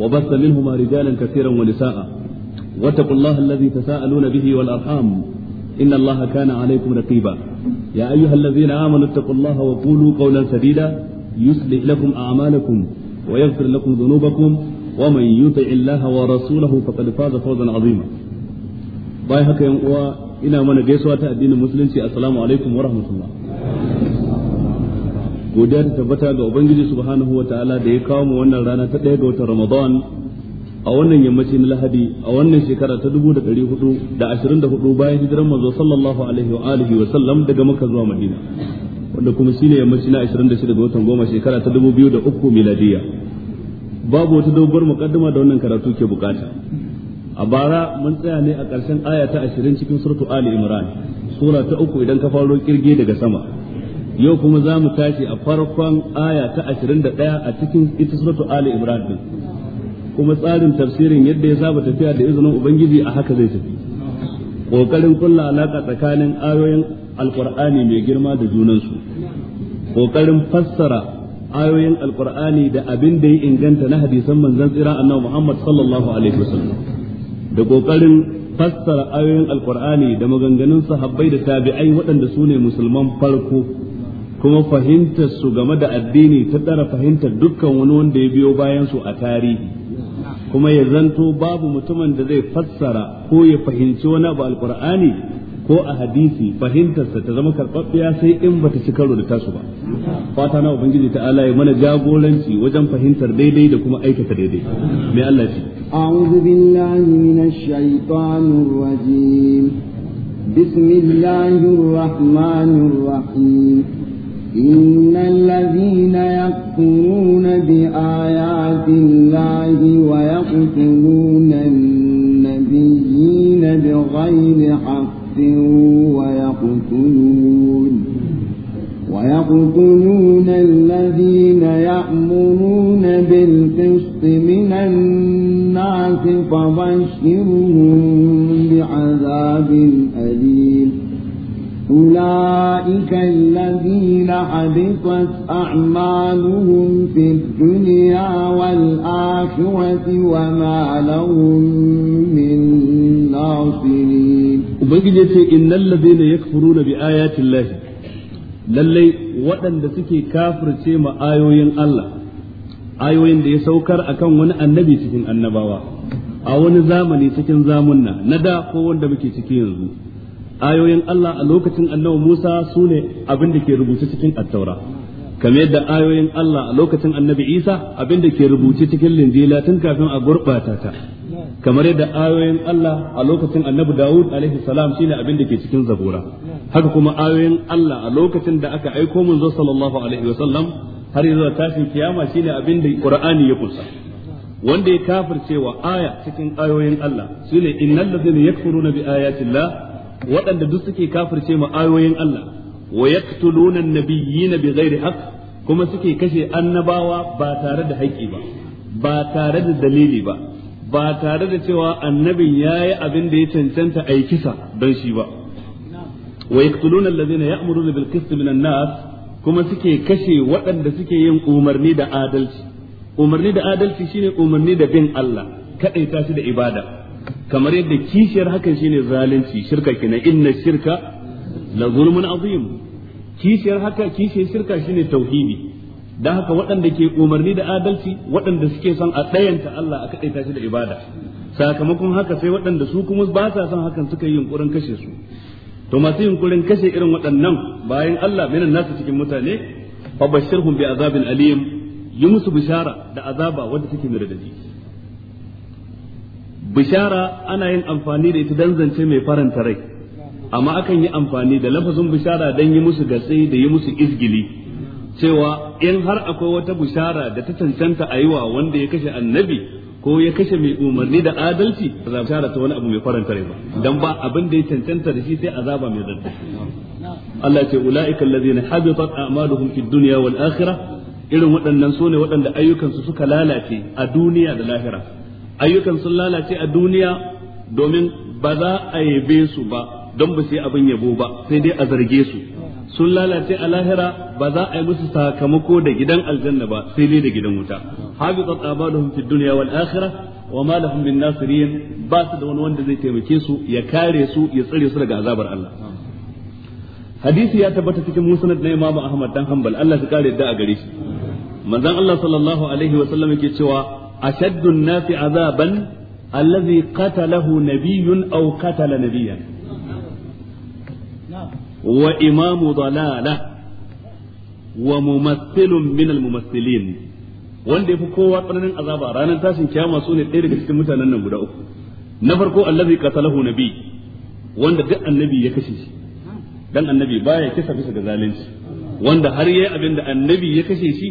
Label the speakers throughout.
Speaker 1: وبث منهما رجالا كثيرا ونساء واتقوا الله الذي تساءلون به والأرحام إن الله كان عليكم رقيبا يا أيها الذين آمنوا اتقوا الله وقولوا قولا سديدا يصلح لكم أعمالكم ويغفر لكم ذنوبكم ومن يطع الله ورسوله فقد فاز فوزا عظيما باي هكا ينقوى إلى من جيسوة الدين المسلم السلام عليكم ورحمة الله godiya ta tabbata ga ubangiji subhanahu wa ta'ala da ya kawo mu wannan rana ta ɗaya ga watan ramadan a wannan yammaci na lahadi a wannan shekara ta dubu da ɗari hudu da ashirin da hudu bayan hijiran manzo sallallahu alaihi wa alihi wa sallam daga maka zuwa madina wanda kuma shine yammaci na ashirin da shida ga watan goma shekara ta dubu biyu da uku miladiya babu wata doguwar muƙaddama da wannan karatu ke bukata a bara mun tsaya ne a ƙarshen aya ta ashirin cikin surtu ali imran sura ta uku idan ka faro kirge daga sama yau kuma za mu tashi a farkon aya ta 21 a cikin ita suratu Ali Ibrahim, kuma tsarin tafsirin yadda ya saba tafiya da izinin ubangiji a haka zai tafi kokarin kulla alaka tsakanin ayoyin alqur'ani mai girma da junansu kokarin fassara ayoyin alqur'ani da abin da ya inganta na hadisan manzon tsira annabi Muhammad sallallahu alaihi wasallam da kokarin fassara ayoyin alqur'ani da maganganun sahabbai da tabi'ai waɗanda su ne musulman farko kuma fahimtar su game da addini ta tsara fahimtar dukkan wani wanda ya biyo bayan su a tarihi kuma ya zanto babu mutumin da zai fassara ko ya fahimci wani abu alkur'ani ko a hadisi fahimtarsa ta zama karɓaɓɓiya sai in bata ci karo da tasu ba fata na ubangiji ta'ala ya mana jagoranci wajen fahimtar daidai da kuma aikata daidai mai Allah ce
Speaker 2: أعوذ بالله من الشيطان الرجيم بسم الله الرحمن الرحيم إن الذين يكفرون بآيات الله ويقتلون النبيين بغير حق ويقتلون ويقتلون الذين يأمرون بالقسط من الناس فبشرهم بعذاب أولئك الذين حبطت أعمالهم في الدنيا والآخرة وما لهم من ناصرين
Speaker 1: وبقي إن الذين يكفرون بآيات الله lallai waɗanda suke kafurce ma ayoyin Allah ayoyin da ya saukar akan wani annabi cikin annabawa a wani zamani cikin zamunna na da ko wanda muke ciki yanzu ayoyin Allah a lokacin annabi Musa sune abin da ke rubuce cikin attaura kamar yadda ayoyin Allah a lokacin annabi Isa abin da ke rubuce cikin linjila tun kafin a gurɓata ta kamar yadda ayoyin Allah a lokacin annabi Dawud alaihi salam shine abin da ke cikin zabura haka kuma ayoyin Allah a lokacin da aka aiko manzo sallallahu alaihi wasallam har zuwa tashin kiyama shine abin da Qur'ani ya kusa wanda ya kafircewa aya cikin ayoyin Allah shine innal ladzina yakfuruna bi ayati Allah waɗanda duk suke kafirce mu ayoyin Allah wa yaqtuluna an-nabiyyina bighairi haqq kuma suke kashe annabawa ba tare da haƙƙi ba ba tare da dalili ba ba tare da cewa annabin yayi abin da ya cancanta a kisa don shi ba wa yaqtuluna alladhina ya'muruna bil qist min an-nas kuma suke kashe waɗanda suke yin umarni da adalci umarni da adalci shine umarni da bin Allah kadaita shi da ibada kamar yadda kishiyar hakan shine zalunci shirka kina inna shirka la zulmun azim kishiyar haka kishiyar shirka shine tauhidi dan haka waɗanda ke umarni da adalci waɗanda suke son a ɗayanta Allah a kaɗaita shi da ibada sakamakon haka sai waɗanda su kuma ba sa son hakan suka yi yunkurin kashe su to masu yunkurin kashe irin waɗannan bayan Allah minan nasu cikin mutane fa bashirhum bi azabin alim yi musu bishara da azaba wanda take mirdadi bishara ana yin amfani da ita dan zance mai faranta rai amma akan yi amfani da lafazin bishara dan yi musu gatsi da yi musu izgili cewa in har akwai wata bishara da ta cancanta a yiwa wanda ya kashe annabi ko ya kashe mai umarni da adalci za bishara ta wani abu mai faranta rai ba dan ba abin da ya cancanta da shi sai azaba mai zarta Allah ce ulaika allazina habitat a'maluhum fid dunya wal akhirah irin waɗannan sune waɗanda ayyukansu suka lalace a duniya da lahira ayyukan sun lalace a duniya domin ba za a yabe su ba don ba su yi abin yabo ba sai dai a zarge su sun lalace a lahira ba za a yi musu sakamako da gidan aljanna ba sai dai da gidan wuta habitat abaduhum fid dunya wal akhirah wa ma lahum min nasirin ba su da wani wanda zai taimake su ya kare su ya tsare su daga azabar Allah hadisi ya tabbata cikin musnad na Imam Ahmad dan Hanbal Allah ya kare da a gare shi manzon Allah sallallahu alaihi wa sallam yake cewa ashaddu an-nasi azaban alladhi qatalahu nabiyyun aw qatala nabiyyan wa imamu dalala wa mumassilun min al-mumassilin wanda yafi kowa tsananin azaba ranar tashin kiyama sune ɗaya daga cikin mutanen nan guda uku na farko allazi qatalahu nabi wanda duk annabi ya kashe shi dan annabi baya kisa bisa ga zalunci wanda har yayi abin da annabi ya kashe shi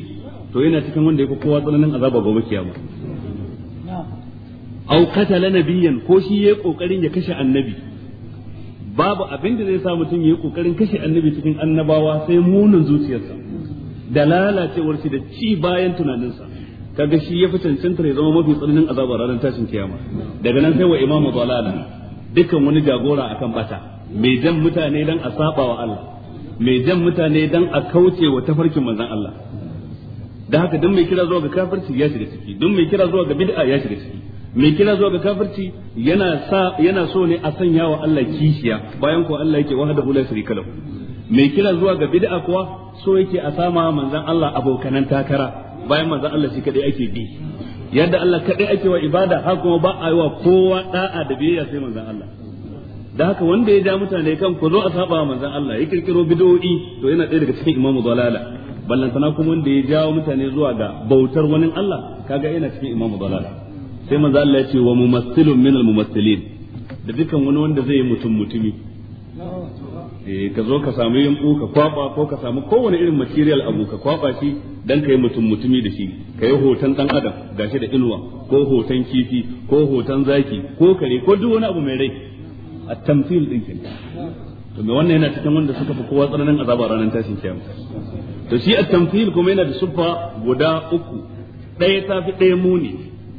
Speaker 1: to yana cikin wanda fi kowa tsananin azaba gobe kiyama Aukata qatala nabiyan ko shi yayi kokarin ya kashe annabi babu abin da zai sa mutum yayi kokarin kashe annabi cikin annabawa sai munin zuciyarsa da lalacewar shi da ci bayan tunaninsa kaga shi ya yafi cancantar ya zama mafi tsananin azaba ranar tashin kiyama daga nan sai wa imamu dalala dukkan wani jagora akan bata mai jan mutane dan a saba wa Allah mai jan mutane dan a kauce wa tafarkin manzon Allah da haka duk mai kira zuwa ga kafirci ya shiga ciki duk mai kira zuwa ga bid'a ya shiga ciki mai kira zuwa ga kafirci yana sa yana so ne a sanya wa Allah kishiya bayan ko Allah yake wahdahu la sharika lahu mai kira zuwa ga bid'a kuwa so yake a sama manzon Allah abokanan takara bayan manzon Allah shi kadai ake bi yadda Allah kadai ake wa ibada har kuma ba a yi wa kowa da'a da biyayya sai manzon Allah da haka wanda ya ja mutane kan ku zo a saba manzon Allah ya kirkiro bid'o'i to yana ɗaya daga cikin imamu dalala ballantana kuma wanda ya jawo mutane zuwa ga bautar wani Allah kaga yana cikin imam dalala sai manzo Allah ya ce wa mumassilun minal mumassilin da dukan wani wanda zai yi mutum mutumi eh ka zo ka samu yanku ka kwaba ko ka samu kowane irin material abu ka kwaba shi dan kai mutum mutumi da shi kai hoton dan adam gashi da inuwa ko hoton kifi ko hoton zaki ko kare ko duk wani abu mai rai a tamthil din kin to me wannan yana cikin wanda suka fi kowa tsananin azaba ranar tashin kiyama to shi at-tamthil kuma yana da suffa guda uku ɗaya ta fi ɗaya muni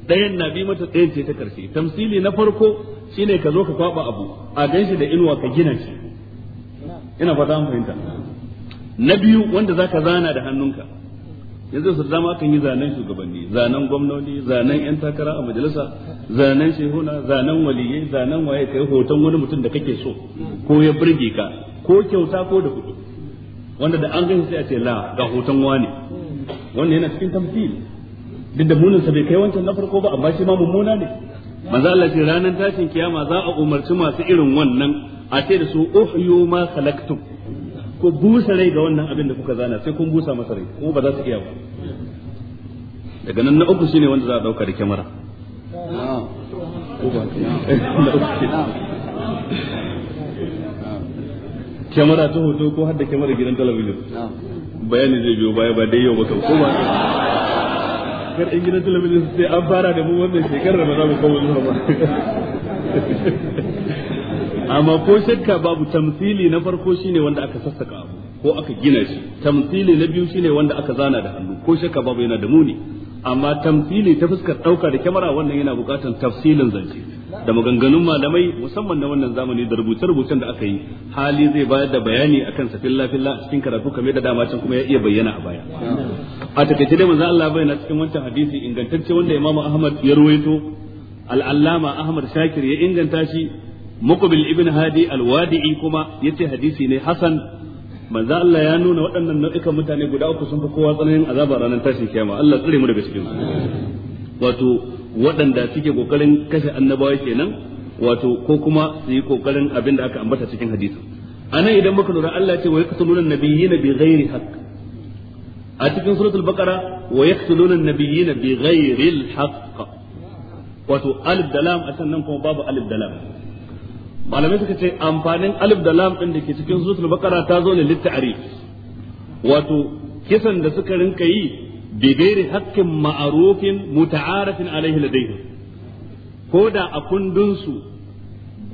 Speaker 1: ɗayan na bi mata ɗayan ce ta karshe tamsili na farko shine ka zo ka kwaba abu a ganshi da inuwa ka gina shi ina fata an fahimta na biyu wanda zaka zana da hannunka yanzu su zama kan yi zanen shugabanni zanen gwamnoni zanen yan takara a majalisa zanen shehuna zanen waliyai zanen waye kai hoton wani mutum da kake so ko ya burge ka ko kyauta ko da kuɗi wanda da an gani sai a ce la ga hoton wani wannan yana cikin tamthil duk da munin sa bai kai wancan na farko ba amma shi ma mummuna ne manzo Allah ce ranar tashin kiyama za a umarci masu irin wannan a ce da su uhyu ma khalaqtum ko busa rai ga wannan abin da kuka zana sai kun busa masa rai kuma ba za su iya ba daga nan na uku shine wanda za a dauka da kyamara kyamara ta hoto ko har da kyamara gidan talabijin bayani zai biyo baya ba dai yau ba ko ba kar in gidan talabijin sai an fara da mu wannan shekarar ba za mu kawo zuwa ba amma ko shakka babu tamsili na farko shine wanda aka sassaka ko aka gina shi tamsili na biyu shine wanda aka zana da hannu ko shakka babu yana da muni amma tamfili ta fuskar ɗauka da kyamara wannan yana buƙatar tafsilin zance da maganganun malamai musamman na wannan zamani da rubuce-rubucen da aka yi hali zai bayar da bayani akan sa filla filla a cikin karatu kamar da dama can kuma ya iya bayyana a baya a takaice dai manzo Allah bayyana cikin wancan hadisi ingantacce wanda Imam Ahmad ya ruwaito al-Allama Ahmad Shakir ya inganta shi Muqbil ibn Hadi al-Wadi'i kuma yace hadisi ne hasan manzo Allah ya nuna waɗannan nau'ikan mutane guda uku sun fi kowa tsananin azaba ranar tashin kiyama Allah tsare mu daga cikin wato waɗanda suke kokarin kashe annabawa kenan wato ko kuma su yi kokarin abin da aka ambata cikin hadisi anan idan muka lura Allah ce wa yaqtuluna nabiyina bi ghairi haqq a cikin suratul baqara wa yaqtuluna nabiyina bi ghairi al haqq wato alif da lam a sannan kuma babu alif da lam malamai suka ce amfanin alif da lam din da ke cikin suratul baqara ta zo ne litta'arif wato kisan da suka rinka yi bi gairi haqqin ma'rufin muta'arifin alaihi ladayhi ko da a kundin su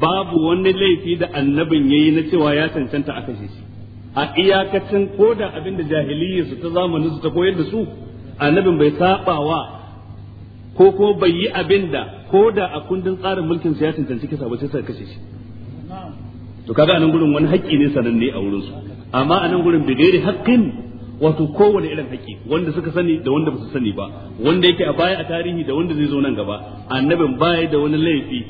Speaker 1: babu wani laifi da annabin yayi na cewa ya cancanta a kashe shi a iyakacin ko da abin da jahiliyya su ta zamanin su ta koyar da su annabin bai sabawa ko ko bai yi abin da ko da a kundin tsarin mulkin su ya cancanci kisa ba sai suka kashe shi to kaga anan gurin wani haƙƙi ne sananne a wurin su amma anan gurin bi gairi haƙƙin wato kowane irin haƙƙi wanda suka sani da wanda ba su sani ba wanda yake a baya a tarihi da wanda zai zo nan gaba annabin baya da wani laifi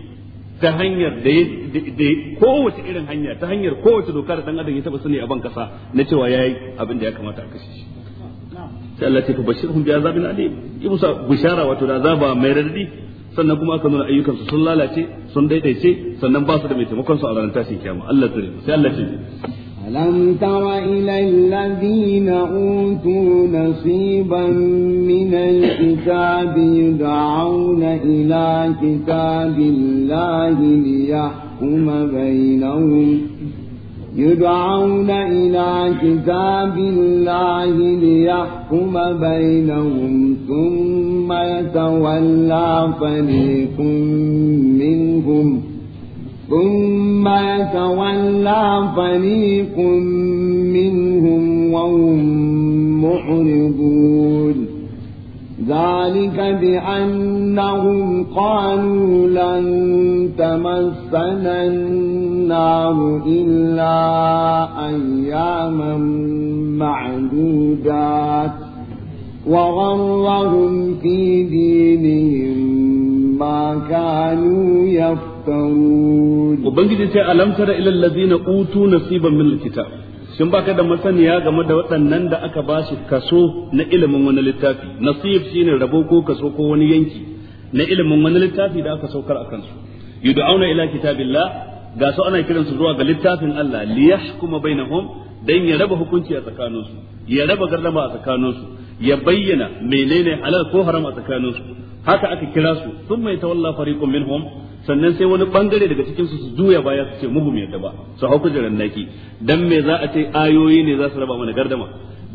Speaker 1: ta hanyar da kowace irin hanya ta hanyar kowace doka da dan adam ya taba sani a ban kasa na cewa yayi abin da ya kamata a kashe shi sai Allah ya tabbashirhum bi azabin alim ibusa bishara wato da azaba mai raddi sannan kuma aka nuna ayyukansu sun lalace sun daidaice sannan ba su da mai taimakon su a ranar tashin kiyama Allah tsare sai Allah ce
Speaker 2: alam tara ila alladhina utu nasiban min alkitabi da'una ila kitabillahi liyahkuma bainahum يدعون إلى كتاب الله ليحكم بينهم ثم يتولى فريق منهم ثم يتولى فريق منهم وهم معرضون ذلك بأنهم قالوا لن تمسنا النار إلا أياما معدودات وغرهم في دينهم ما كانوا يفترون
Speaker 1: وبنجد ألم تر إلى الذين أوتوا نصيبا من الكتاب Sun baka da masaniya game da waɗannan da aka ba su kaso na ilimin wani littafi nasib shine rabo ko kaso ko wani yanki na ilimin wani littafi da aka saukar a kansu yud'auna ila kitabillah ga su ana kiransu zuwa ga littafin Allah li yahkuma bainahum dan ya raba hukunci a tsakaninsu ya raba gardama a tsakaninsu ya bayyana menene halal ko haram a tsakaninsu haka aka kira su sun mai tawalla fariqun minhum sannan sai wani bangare daga cikin su juya baya su ce mu yadda ba su hau kujeran naki dan me za a ce ayoyi ne za su raba mana gardama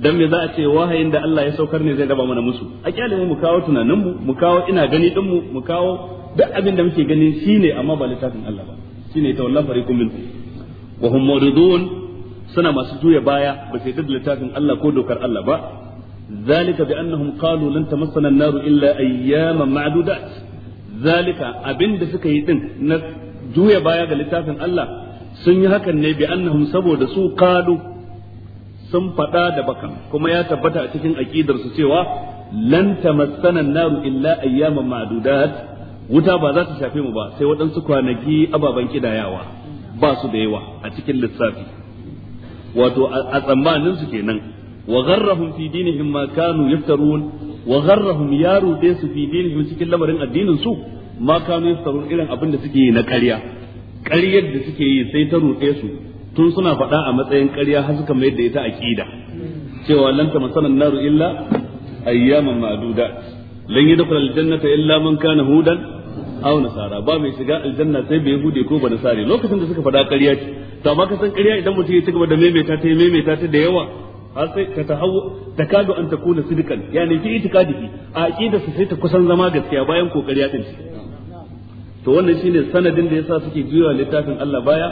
Speaker 1: dan me za a ce wahayin da Allah ya saukar ne zai raba mana musu a kyale mu kawo tunanin mu mu kawo ina gani din mu mu kawo duk abin da muke gani shine amma ba littafin Allah ba shine tawalla fariqum minkum wa hum muridun suna masu juya baya ba sai da littafin Allah ko dokar Allah ba ذلك بأنهم قالوا لن تمسنا النار إلا أياما معدودات zalika abinda suka yi din na juya baya ga littafin Allah sun yi hakan ne bi annahum saboda su kalu sun faɗa da bakan? kuma ya tabbata a cikin aqidar su cewa lan tamassana naru illa ayyaman ma'dudat wuta ba za ta shafe mu ba sai waɗansu kwanaki ababen kidayawa ba su da yawa a cikin lissafi wato a tsammanin su kenan wa gharrahum fi dinihim ma kanu yaftarun wa zarrahum ya rude su fi dinihim cikin lamarin addinin su ma kanu yastarun irin abin da suke yi na ƙarya ƙaryar da suke yi sai ta rude su tun suna faɗa a matsayin ƙarya har suka mayar da ita aqida cewa lan masanan naru illa ayyaman ma'duda lan yadkhul aljannata illa man kana hudan aw nasara ba mai shiga aljanna sai bai hude ko ba sare. lokacin da suka faɗa ƙarya ce to amma ka san ƙarya idan mutum ya ci gaba da maimaita ta maimaita ta da yawa har sai ka tahawu takadu an takuna sidqan yani fi itikadihi a aqida su sai ta kusan zama gaskiya bayan kokari ya to wannan shine sanadin da yasa suke juyawa littafin Allah baya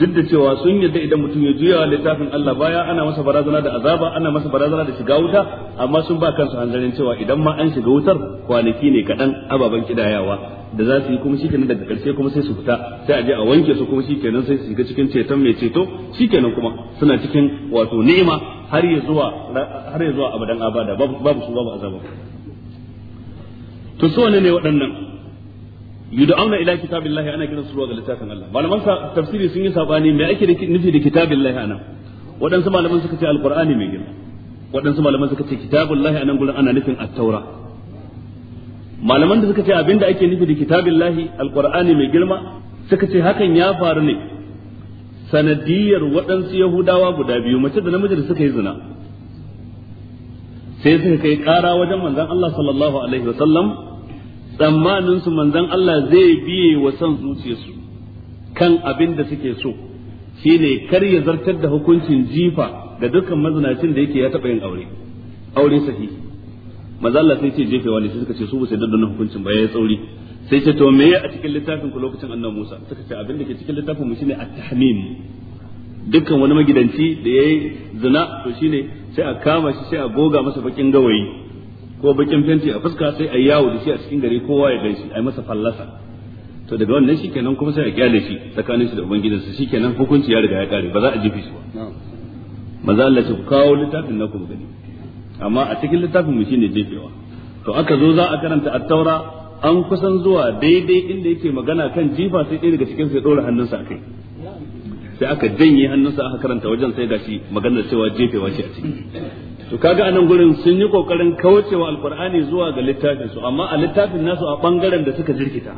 Speaker 1: duk da cewa sun yadda idan mutum ya juyawa littafin Allah baya ana masa barazana da azaba ana masa barazana da shiga wuta amma sun ba kansu hanzarin cewa idan ma an shiga wutar kwanaki ne kaɗan ababen kidayawa da za su yi kuma shikenan daga ƙarshe kuma sai su fita sai a je a wanke su kuma shikenan sai su shiga cikin ceton mai ceto shikenan kuma suna cikin wato ni'ima har ya zuwa har ya zuwa abadan abada babu su babu azaba to su ne ne waɗannan yud'auna ila kitabillahi ana kiran su zuwa ga littafin Allah malaman tafsiri sun yi sabani me ake nufi da kitabillahi ana waɗansu malaman suka ce alqur'ani mai girma waɗansu malaman suka ce kitabullahi anan gurin ana nufin at-taura malaman da suka ce abinda ake nufi da kitabillahi alqur'ani mai girma suka ce hakan ya faru ne sanadiyar waɗansu yahudawa guda biyu mace da namiji da suka yi zina sai suka kai ƙara wajen manzan Allah sallallahu alaihi wa sallam tsammanin su manzan Allah zai biye wa son zuciyarsu kan abin da suke so ne kar ya zartar da hukuncin jifa da dukkan mazinacin da yake ya taɓa yin aure aure sahihi manzon Allah sai ce jefe wani sai suka ce su ba sai dandanon hukuncin ba ya tsauri sai ce to meye a cikin littafin ku lokacin annabi Musa suka ce abin da ke cikin littafin mu shine at-tahmim dukkan wani magidanci da yayi zina to shine sai a kama shi sai a goga masa bakin gawayi ko bakin fenti a fuska sai a yawo da shi a cikin gari kowa ya gaishe ai masa fallasa to daga wannan shikenan kuma sai a kyale shi tsakanin shi da ubangidansa shikenan hukunci ya riga ya kare ba za a jifi shi ba maza Allah ce ku kawo littafin na ku gani amma a cikin littafin mu shine jefewa to aka zo za a karanta at-taura an kusan zuwa daidai inda yake magana kan jifa sai daga cikin sai ɗora hannunsa a kai sai aka janye hannunsa aka karanta wajen sai gashi maganar cewa jefewa shi a ciki to kaga anan gurin sun yi kokarin kaucewa alqur'ani zuwa ga littafin su amma a littafin nasu a bangaren da suka jirkita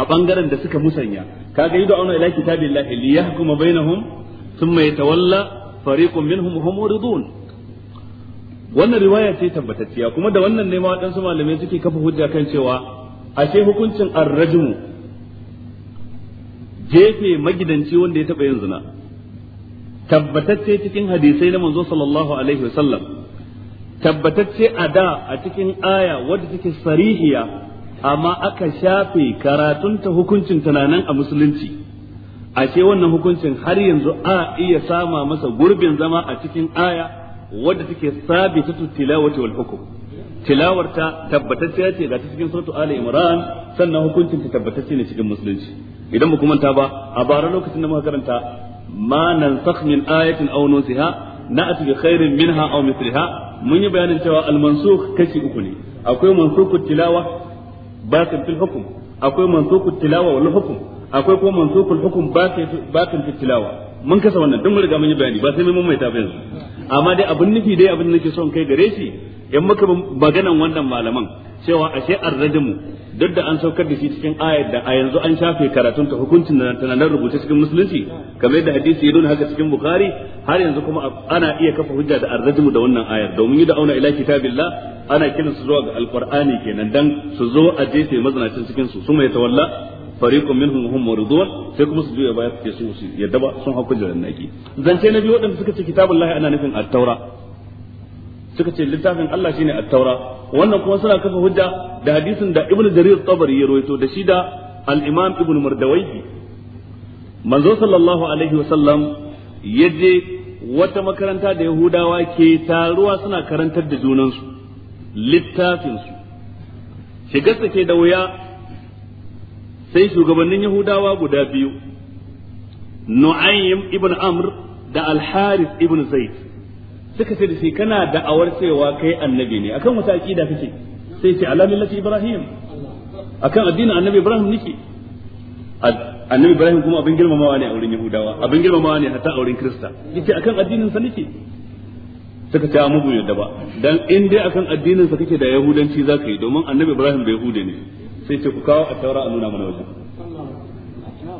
Speaker 1: a bangaren da suka musanya kaga ido auna ila kitabillahi liyahkuma bainahum thumma yatawalla fariqun minhum hum muridun wannan riwaya ce tabbatacciya kuma da wannan ne ma waɗansu malamai suke kafa hujja kan cewa ashe hukuncin arrajumu jefe magidanci wanda ya taɓa yin zina tabbatacce cikin hadisai na manzo sallallahu alaihi wasallam tabbatacce a da a cikin aya wadda take sarihiya amma aka shafe karatunta hukuncin tunanin a musulunci ashe wannan hukuncin har yanzu a iya sama masa gurbin zama a cikin aya wadda take sabitatu tilawati wal hukm tilawarta tabbatacciya ce ga cikin suratul ali imran sannan hukuncin ta tabbatacce ne cikin musulunci idan mu manta ba a bara lokacin da muka karanta ma nansakh min ayatin aw nusiha na'ti bi khairin minha aw mithliha mun yi bayanin cewa al mansukh kashi uku ne akwai mansukut tilawa batin fil hukm akwai mansukut tilawa wal hukm akwai kuma mansukul hukm batin batin fil tilawa mun kasa wannan duk mun riga mun yi bayani ba sai mun maimaita ba yanzu amma dai abin nufi dai abin da nake son kai gare shi in muka maganan wannan malaman cewa ashe arrajmu duk da an saukar da shi cikin ayar da a yanzu an shafe karatun ta hukuncin da tana nan rubuce cikin musulunci kamar yadda hadisi ya nuna haka cikin bukhari har yanzu kuma ana iya kafa hujja da arrajmu da wannan ayar domin yi da auna ila kitabillah ana kiransu zuwa ga alqur'ani kenan dan su zo a jefe mazanacin cikin su su mai tawalla fariqun minhum hum muridun sai kuma su juya baya suke su su yadda ba sun hakku da naki zance na biyu wadanda suka ce lahi ana nufin at-taura suka ce littafin Allah shine at-taura wannan kuma suna kafa hujja da hadisin da ibnu jarir tabari ya rawaito da shi da al-imam ibnu mardawaihi manzo sallallahu alaihi wasallam yaje wata makaranta da yahudawa ke taruwa suna karantar da junansu littafinsu shigarsa ke da wuya sai shugabannin yahudawa guda biyu nu'aym ibn amr da al-haris ibn zaid suka ce da shi kana da'awar cewa kai annabi ne akan wata aqida kake sai ce ala Lati ibrahim akan addinin annabi ibrahim nake annabi ibrahim kuma abin girmamawa ne a wurin yahudawa abin girmamawa ne hatta a wurin krista yace akan addinin sa nake suka ce mu yadda ba dan in dai akan addinin sa kake da yahudanci zaka yi domin annabi ibrahim bai hude ne sai ce ku kawo a taura a nuna mana wajen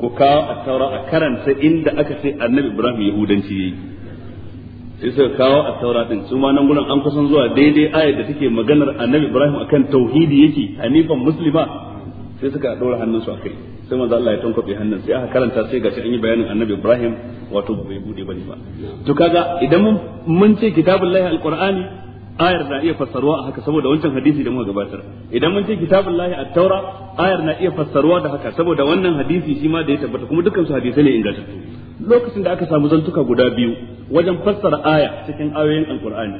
Speaker 1: ku kawo a taura a karanta inda aka ce annabi ibrahim yahudanci yayi sai suka kawo a taura din su ma nan gurin an kusan zuwa daidai ayar da take maganar annabi ibrahim akan tauhidi yake hanifan muslima sai suka hannun hannunsu a kai sai manzo Allah ya hannun sai aka karanta sai gashi an yi bayanin annabi ibrahim wato bai bude bane ba to kaga idan mun ce kitabullahi alqur'ani ayar na iya fassarwa a haka saboda wancan hadisi da muka gabatar idan mun ce lahi a taura ayar na iya fassarwa da haka saboda wannan hadisi shi ma da ya tabbata kuma dukkan su hadisai ne ingantattu lokacin da aka samu zantuka guda biyu wajen fassara aya cikin ayoyin alqur'ani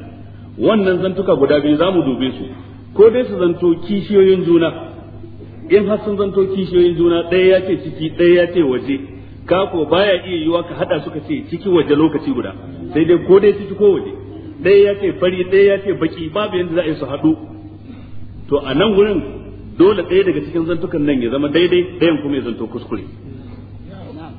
Speaker 1: wannan zantuka guda biyu zamu dube su ko dai su zanto kishiyoyin juna in har sun zanto kishiyoyin juna ɗaya ya ce ciki ɗaya ya ce waje ka ko baya iya yiwa ka hada suka ce ciki waje lokaci guda sai dai ko dai ciki ko waje ɗaya ya ce fari ɗaya ya ce baki babu yadda za a yi su haɗu to a nan wurin dole ɗaya daga cikin zantukan nan ya zama daidai ɗayan kuma ya zanto kuskure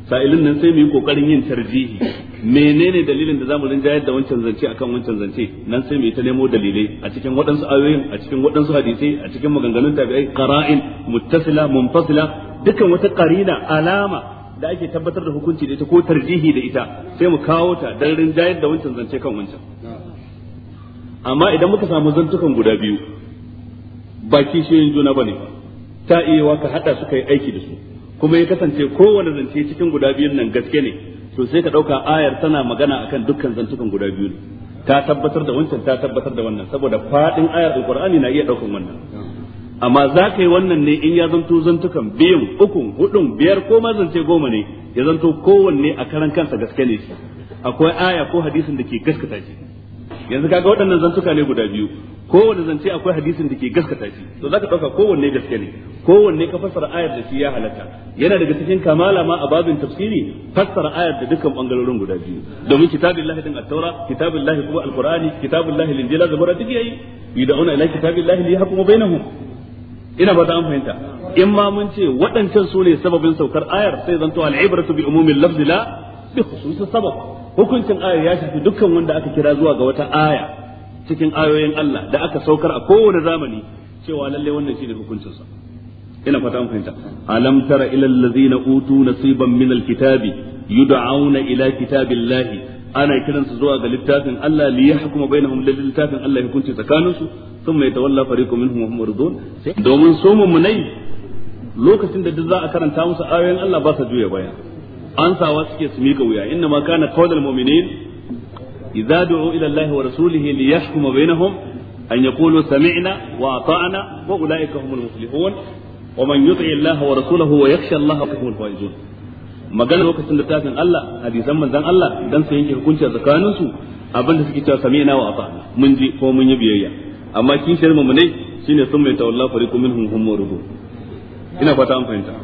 Speaker 1: sa'ilin nan sai mu yi kokarin yin tarjihi menene dalilin da zamu rinjayar da wancan zance akan wancan zance nan sai mu yi ta nemo dalilai a cikin waɗansu ayoyin a cikin waɗansu hadisai a cikin maganganun tabi'ai qara'in muttasila munfasila dukkan wata qarina alama da ake tabbatar da hukunci da ita ko tarjihi da ita sai mu kawo ta dan rinjayar da wancan zance kan
Speaker 3: wancan
Speaker 1: amma idan muka samu zantukan guda biyu ba kishiyoyin juna ba ne ta iya ka hada su kai aiki da su kuma ya kasance kowane zance cikin guda biyun nan gaske ne to sai ka ɗauka ayar tana magana akan dukkan zantukan guda biyu ne ta tabbatar da wancan ta tabbatar da wannan saboda fadin ayar alqur'ani na iya daukan wannan amma za ka yi wannan ne in ya zanto zantukan biyun ukun hudun biyar ko ma zance goma ne ya zanto kowanne a karan kansa gaske ne shi akwai aya ko hadisin da ke gaskata shi yanzu kaga waɗannan zantuka ne guda biyu kowanne zance akwai hadisin da ke gaskata shi to zaka dauka kowanne gaske ne kowanne ka fassara ayar da shi ya halatta yana daga cikin kamala ma a babin tafsiri fassara ayar da dukkan bangarorin guda biyu domin kitabillahi din at-taura kitabillahi kuma al-qur'ani kitabillahi linjila zabura duk yayi yud'una ila kitabillahi li yahkumu bainahum ina ba ta an fahimta in ma mun ce waɗancan su ne sababin saukar ayar sai zanto al-ibratu bi umumil lafzi la bi khususis sabab hukuncin ayar ya shafi dukkan wanda aka kira zuwa ga wata aya cikin ayoyin Allah da aka saukar a kowane zamani cewa lalle wannan shine hukuncinsa ina fata mun fahimta alam tara ila allazina utu nasiban min alkitabi yud'auna ila kitabillahi ana kiran su zuwa ga littafin Allah li yahkuma bainahum lil littafin Allah hukunci tsakaninsu thumma yatawalla fariqu minhum wa hum muridun domin somu munai lokacin da duk za a karanta musu ayoyin Allah ba sa juya baya ansawa suke su mika wuya inna ma kana qawlul mu'minin idza du'u ila Allah wa rasulihi li yahkuma bainahum an yaqulu sami'na wa ata'na wa ulaika humul muflihun wa man yuti Allah wa rasulahu wa yakhsha Allah fa humul faizun magana lokacin da tafin Allah hadisan manzon Allah dan su yanke hukunci tsakanin su abinda suke cewa sami'na wa ata'na mun ji ko mun yi biyayya amma kishiyar mu ne shine sun mai tawalla fariqu minhum hum murdu ina fata an fahimta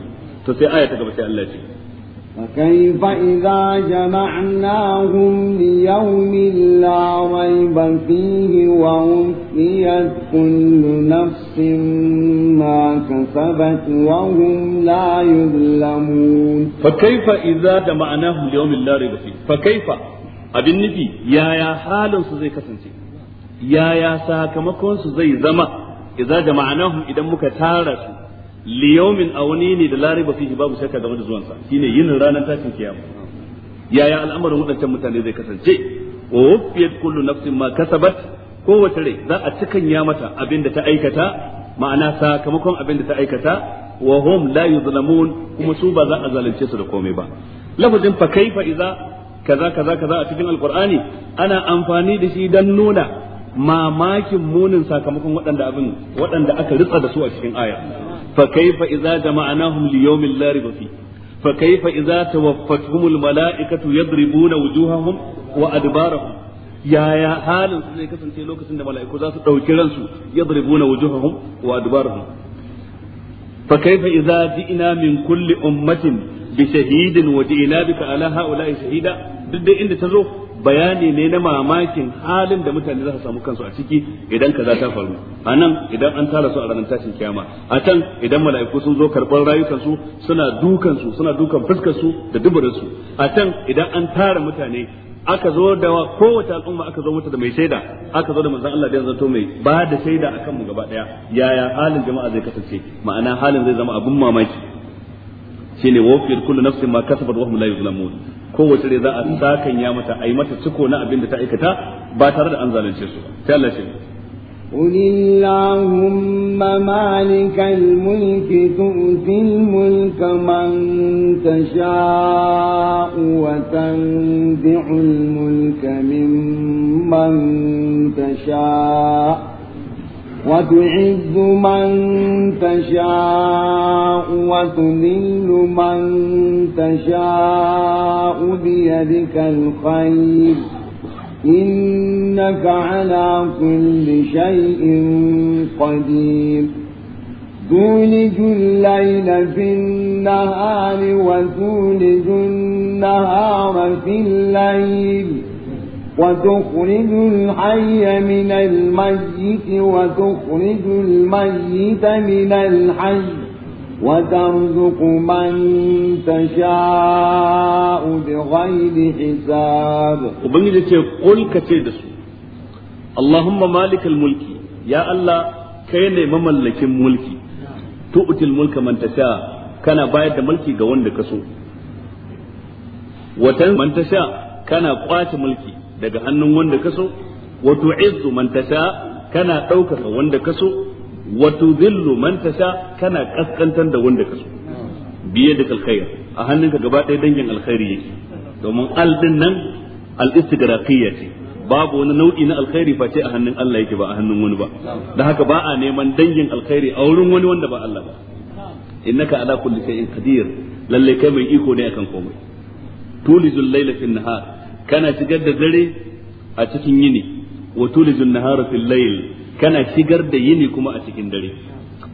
Speaker 1: to sai aya ta gaba sai Allah ya ce
Speaker 2: فكيف إذا جمعناهم ليوم لا ريب فيه ووفيت كل نفس ما كسبت وهم لا يظلمون فكيف
Speaker 1: إذا جمعناهم ليوم لا ريب فيه فكيف abin nufi يا يا حال سزيك سنسي يا يا zama سزي jama'anahum إذا جمعناهم إذا su liyaumin Awani ne da lariba fihi babu shakka game da zuwansa shine yin ranar tashin kiyama yaya al'amarin waɗancan mutane zai kasance wa wufiyat kullu nafsin ma kasabat kowace rai za a cikan ya mata abin da ta aikata ma'ana sakamakon abin da ta aikata wa hum la yuzlamun kuma su ba za a zalunce su da komai ba lafazin fa kaifa idza kaza kaza kaza a cikin alqur'ani ana amfani da shi dan nuna mamakin munin sakamakon waɗanda abin waɗanda aka ritsa da su a cikin aya fa kaifa idza jama'nahum li yawmin la fa kaifa idza tawaffatuhum al mala'ikatu yadribuna wujuhahum wa adbarahum yaya halin su zai kasance lokacin da mala'iku za su dauki ransu yadribuna wujuhahum wa adbarahum fa kaifa idza ji'na min kulli ummatin bishahidin waje, wa ji'na bika ala ha'ula'i shahida duk da inda ta zo bayani ne na mamakin halin da mutane za su samu kansu a ciki idan kaza ta faru a nan idan an tara su a ranar tashin kiyama a can idan mala'iku sun zo karɓar rayukansu suna dukan su suna dukan fuskar su da dubarin su a can idan an tara mutane aka zo da kowace al'umma aka zo mata da mai shaida aka zo da manzon Allah da yanzu to mai ba da shaida akan mu gaba daya yaya halin jama'a zai kasance ma'ana halin zai zama abun mamaki shine wafir kullu nafsin ma kasabat wa hum la yuzlamun kowace ne za a sakan ya mata a yi mata ciko na abin da ta aikata ba tare da an zalunce su sai Allah shi
Speaker 2: قل اللهم مالك الملك تؤتي الملك من تشاء وتنزع الملك ممن تشاء وتعز من تشاء وتذل من تشاء بيدك الخير إنك على كل شيء قدير تولج الليل في النهار وتولج النهار في الليل وتخرج الحي من الميت وتخرج الميت من الحي وترزق من تشاء بغير
Speaker 1: حساب وبنجد قل كتير اللهم مالك الملك يا الله كين مملك الملك تؤتي الملك من تشاء كان بايد ملكي ga wanda kaso watan man tasha kana kwace mulki daga hannun wanda kaso wa tu'izzu man tasha kana ɗaukaka wanda kaso wa tudhillu man tasha kana kaskantar da wanda kaso biye da alkhair a hannunka gaba ɗaya dangin alkhairi yake domin al din nan al istigraqiyya ce babu wani nau'i na alkhairi face a hannun Allah yake ba a hannun wani ba da haka ba a neman dangin alkhairi a wurin wani wanda ba Allah ba innaka ala kulli shay'in qadir lalle kai mai iko ne akan komai tulizul layla fin nahar kana shigar da dare a cikin yini wa tulijun nahara fil layl kana shigar da yini kuma a cikin dare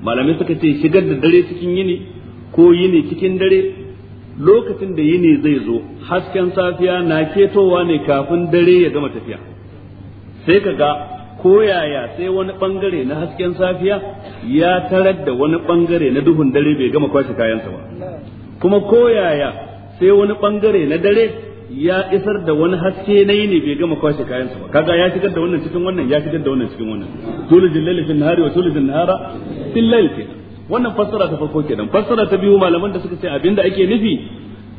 Speaker 1: malamai suka ce shigar da dare cikin yini ko yini cikin dare lokacin da yini zai zo hasken safiya na ketowa ne kafin dare ya gama tafiya sai ka ga koyaya sai wani bangare na hasken safiya ya tarar da wani bangare na duhun dare bai gama kwashe kayansa ba kuma ko yaya sai wani bangare na dare ya isar da wani haske na ne bai gama kwashe kayansa ba kaga ya shigar da wannan cikin wannan ya shigar da wannan cikin wannan tulujin laili fil nahari wa tulujin nahara fil lail kenan wannan fassara ta farko kenan fassara ta biyu malaman da suka ce abinda ake nufi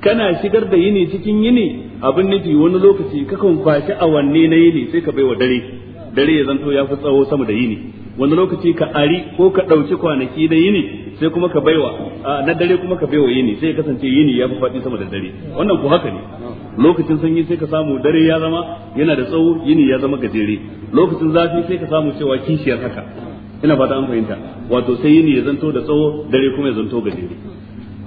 Speaker 1: kana shigar da yini cikin yini abin nufi wani lokaci kakan kwashi awanni na yini sai ka baiwa dare dare ya zanto ya fi tsawo sama da yini wani lokaci ka ari ko ka ɗauki kwanaki da yini sai kuma ka baiwa na dare kuma ka baiwa yini sai ya kasance yini ya fi faɗi sama da dare wannan ku haka ne lokacin sanyi sai ka samu dare ya zama yana da tsawo yini ya zama gajere lokacin zafi sai ka samu cewa kishiyar haka ina fata an fahimta wato sai yini ya zanto da tsawo dare kuma ya zanto gajere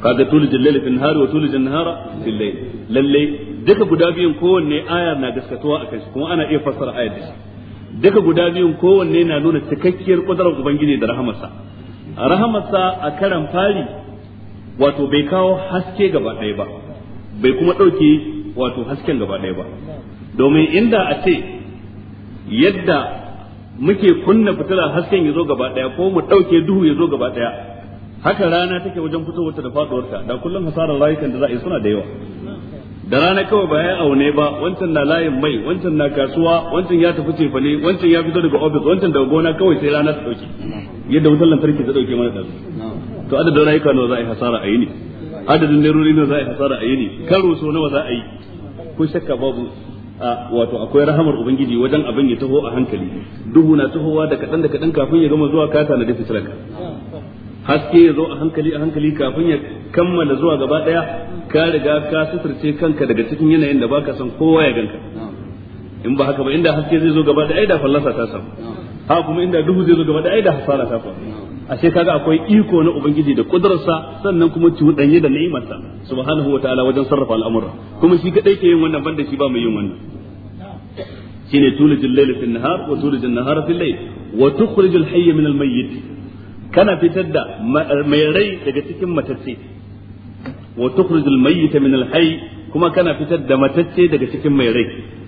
Speaker 1: kaga tulijin lail fil hari wa tulijin nahara fil layl lalle duka guda biyun kowanne aya na gaskatuwa a kai kuma ana iya fassara ayar da shi duka guda biyun kowanne na nuna cikakkiyar kudarar ubangiji da rahamarsa rahamarsa a karan fari wato bai kawo haske gaba ɗaya ba bai kuma ɗauke wato hasken gaba ɗaya ba domin inda a ce yadda muke kunna fitila hasken ya zo gaba ɗaya ko mu ɗauke duhu ya zo gaba ɗaya haka rana take wajen fitowarta da faɗuwarta da kullum hasarar rayukan da za a yi suna da yawa da rana kawai ba ya aune ba wancan na layin mai wancan na kasuwa wancan ya tafi cefane wancan ya fito daga ofis wancan daga gona kawai sai rana ta dauke yadda wutar lantarki ta dauke mana dazu to adadin rayuka nawa za a yi hasara a yi ne adadin nerori nawa za a yi hasara a yi ne karo so nawa za a yi ko shakka babu wato akwai rahamar ubangiji wajen abin ya taho a hankali duhu na tahowa da kadan da kadan kafin ya gama zuwa kata na dafi sarka haske ya zo a hankali a hankali kafin ya kammala zuwa gaba daya ka riga ka suturce kanka daga cikin yanayin da baka son kowa ya ganka in ba haka ba inda haske zai zo gaba daya da fallasa ta samu ha kuma inda duhu zai zo gaba daya da hasara ta samu ashe kaga akwai iko na ubangiji da kudurarsa sannan kuma cuɗanye da ni'imarsa subhanahu wataala wajen sarrafa al'amura kuma shi kadai ke yin wannan banda shi ba mai yin wannan shine tulujul layli fil nahar wa tulujul nahara fil layl wa tukhrijul hayya min al mayyit kana fitar da mai rai daga cikin matacce wa tukhrijul mayyita min al hayy kuma kana fitar da matacce daga cikin mai rai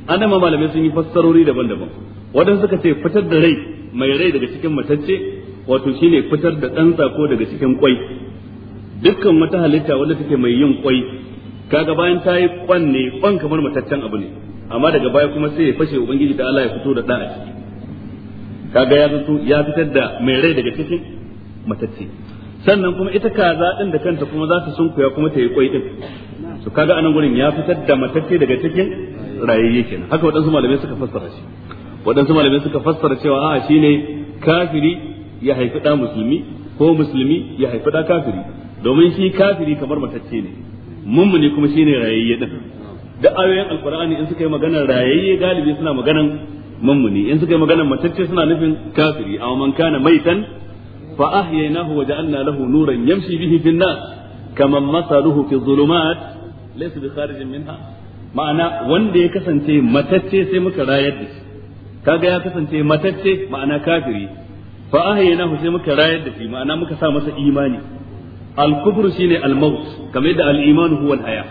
Speaker 1: ana malamai sun yi fassarori daban-daban wadanda suka ce fitar da rai mai rai daga cikin matacce wato shine fitar da ɗan sako daga cikin kwai dukkan wata halitta wanda take mai yin kwai kaga bayan ta yi kwan ne kwan kamar mataccen abu ne amma daga baya kuma sai ya fashe ubangiji da Allah ya fito da ɗa a ciki kaga ya zato ya fitar da mai rai daga cikin matacce sannan kuma ita kaza din da kanta kuma za ta sunkuya kuma ta yi kwai din to kaga anan gurin ya fitar da matacce daga cikin rayayye kenan haka waɗansu malamai suka fassara shi waɗansu malamai suka fassara cewa a shine kafiri ya haifi ɗa musulmi ko musulmi ya haifi ɗa kafiri domin shi kafiri kamar matacce ne mummuni kuma shine rayayye din da ayoyin alkur'ani in suka yi maganar rayayye galibi suna maganan mummuni in suka yi maganan matacce suna nufin kafiri aw man kana maitan fa ahyaynahu wa ja'alna lahu nuran yamshi bihi fin nas kaman masaluhu fi dhulumat laysa bi kharijin minha ma'ana wanda ya kasance matacce sai muka rayar da shi kaga ya kasance matacce ma'ana kafiri fa ahyaynahu sai muka rayar da shi ma'ana muka sa masa imani al-kufru shine al-maut kamar yadda al-iman huwa al-haya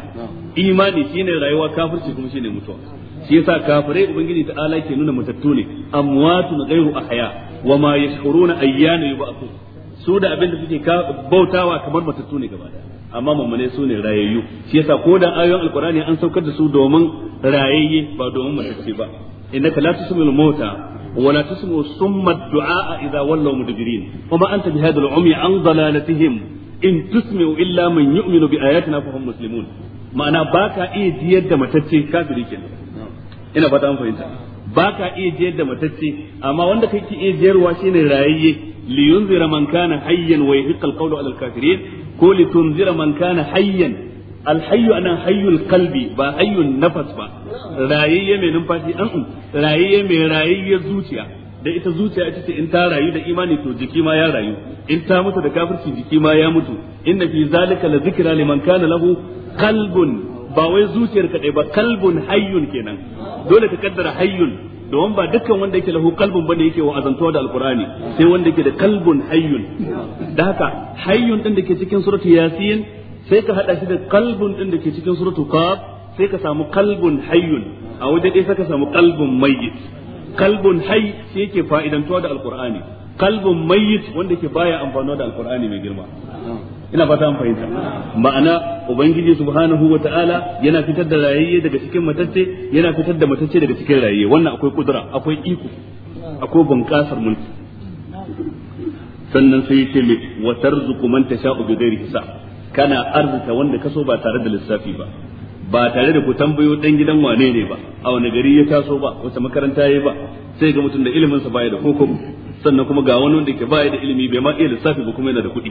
Speaker 1: imani shine rayuwa kafirci kuma shine mutuwa shi yasa kafirai ubangiji ta'ala ke nuna matattu ne amwatun ghayru ahya wa ma yashkuruna ayyana yub'athun su da abinda da suke bautawa kamar matattu ne gaba daya amma mamane su ne rayayyu shi yasa ko da ayoyin alqur'ani an saukar da su domin rayayye ba domin matacce ba innaka la tusmil mauta ولا تسمعوا ثم الدعاء إذا ولوا مدبرين وما أنت بهذا العمي عن ضلالتهم إن تسمع إلا من يؤمن بآياتنا فهم مسلمون ma'ana ba iya jiyar da matacce kafiri kenan ina fata an fahimta ba ka iya jiyar da matacce amma wanda kai ki iya jiyarwa shine rayayye li yunzira man kana hayyan wa yahiqqa al-qawlu 'ala al-kafirin ko li tunzira man kana hayyan alhayyu anan hayyul kalbi ba hayyun nafas ba rayayye mai numfashi an rayayye mai rayayye zuciya da ita zuciya ita ce in ta rayu da imani to jiki ma ya rayu in ta mutu da kafirci jiki ma ya mutu inna fi zalika la zikra liman kana lahu qalbun ba wai zuciyar kaɗai ba kalbun hayyun kenan dole ka kaddara hayyun domin ba dukkan wanda yake lahu kalbun bane yake wa azantuwa da alqur'ani sai wanda yake da kalbun hayyun da haka hayyun din da ke cikin suratu yasin sai ka hada shi da kalbun din da ke cikin suratu qaf sai ka samu kalbun hayyun a waje dai sai ka samu kalbun mayyit kalbun hayy shi yake fa'idantuwa da alqur'ani kalbun mayyit wanda ke baya amfanuwa da alqur'ani mai girma ina fata an fahimta ma'ana ubangiji subhanahu Ta'ala yana fitar da rayayye daga cikin matacce yana fitar da matacce daga cikin rayayye wannan akwai kudura akwai iko akwai bunƙasar mulki sannan sai ya ce mai wa tarzuku man tasha'u bi ghairi hisab kana arzuta wanda ka so ba tare da lissafi ba ba tare da ku tambayo dan gidan wane ne ba a wani gari ya taso ba wata makaranta yayi ba sai ga mutum da ilimin sa baya da hukumu sannan kuma ga wani wanda ke baya da ilimi bai ma iya lissafi ba kuma yana da kuɗi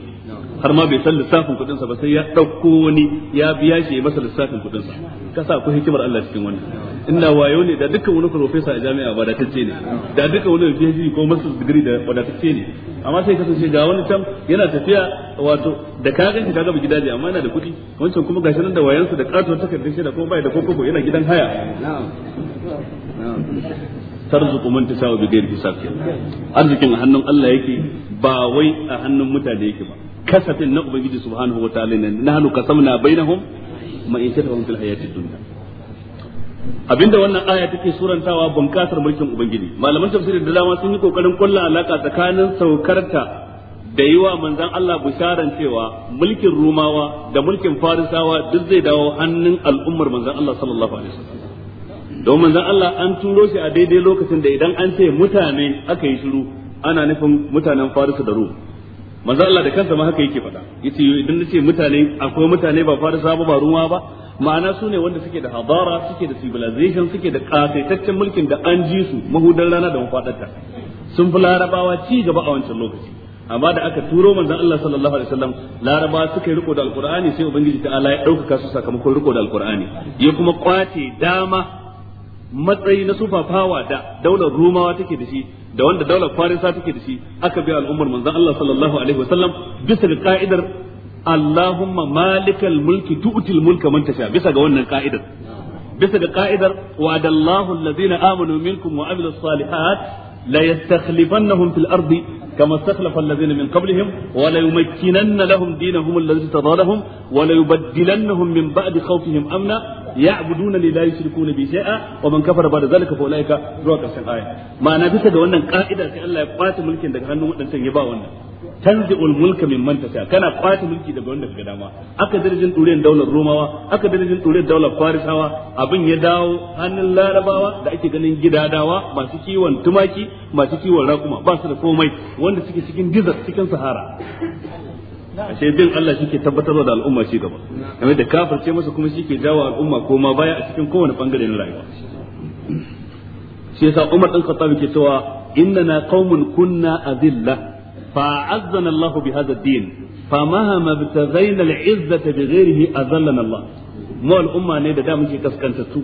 Speaker 1: har ma bai san lissafin kuɗin sa ba sai ya ɗauko wani ya biya shi ya masa lissafin kuɗin sa sa akwai hikimar Allah cikin wannan Inna wayo ne da dukkan wani professor a jami'a wadatacce ne da dukkan wani PhD ko master's degree da wadatacce ne amma sai sace ga wani can yana tafiya wato da ka ganci ka gaba gidaje amma yana da kuɗi wancan kuma gashi nan da wayansa da katon takardar shi da kuma bai da kokoko yana gidan haya tarzuqu man tasha'u bi ghairi hisab arzikin a hannun Allah yake ba wai a hannun mutane yake ba kasafin na ubangiji subhanahu wataala ne nahnu qasamna bainahum ma'ishatahum fil hayatid dunya abinda wannan aya take surantawa bunkasar mulkin ubangiji malaman tafsirin da dama sun yi kokarin kulla alaka tsakanin saukarta da yi wa manzan Allah bisharan cewa mulkin rumawa da mulkin farisawa duk zai dawo hannun al'ummar manzan Allah sallallahu alaihi wasallam don manzon Allah an turo shi a daidai lokacin da idan an ce mutane aka yi shiru ana nufin mutanen farisa da Rum manzon Allah da kansa ma haka yake faɗa yace idan nace mutane akwai mutane ba Farisa ba ba ruwa ba ma'ana su ne wanda suke da hadara suke da civilization suke da kasaitaccen mulkin da an ji su mahudan rana da mafadarta sun fi larabawa ci gaba a wancan lokaci amma da aka turo manzon Allah sallallahu alaihi wasallam laraba suka yi riko da alqur'ani sai ubangiji ta Allah ya dauka su sakamakon riko da alqur'ani ya kuma kwace dama matsayi na super power da daular rumawa take da shi da wanda daular farisa take da shi aka bi al'ummar manzon Allah sallallahu alaihi wasallam bisa ga ka'idar Allahumma malikal mulki tu'til mulka man tasha bisa ga wannan ka'idar bisa ga ka'idar wa'adallahu alladhina amanu minkum wa amilus salihat لا يستخلفنهم في الأرض كما استخلف الذين من قبلهم وليمكنن لهم دينهم الذي ارتضى لهم وليبدلنهم من بعد خوفهم أمنا ya'buduna li la yushrikuna bi shay'a wa man kafara ba da zalika fa ulaika zuwa karshen aya ma'ana bisa ga wannan ka'ida sai Allah ya kwace mulkin daga hannun wadannan ya ba wannan tanzi'ul mulka mimman tasha kana kwace mulki daga wanda kaga dama aka darajin duriyar daular romawa aka darajin duriyar daular farisawa abin ya dawo hannun larabawa da ake ganin gidadawa masu kiwon tumaki masu kiwon rakuma ba su da komai wanda suke cikin dizar cikin sahara ashe bin Allah shi ke tabbatarwa da al'umma ci gaba game da kafirce masa kuma shi ke jawo al'umma ko ma baya a cikin kowane bangare na rayuwa shi yasa Umar dan Khattab ke cewa innana qaumun kunna azilla fa azzana Allah bi hadha ad-din fa mahama btaghayna al-izzata bi ghayrihi azallana Allah mu al'umma ne da da muke kaskanta su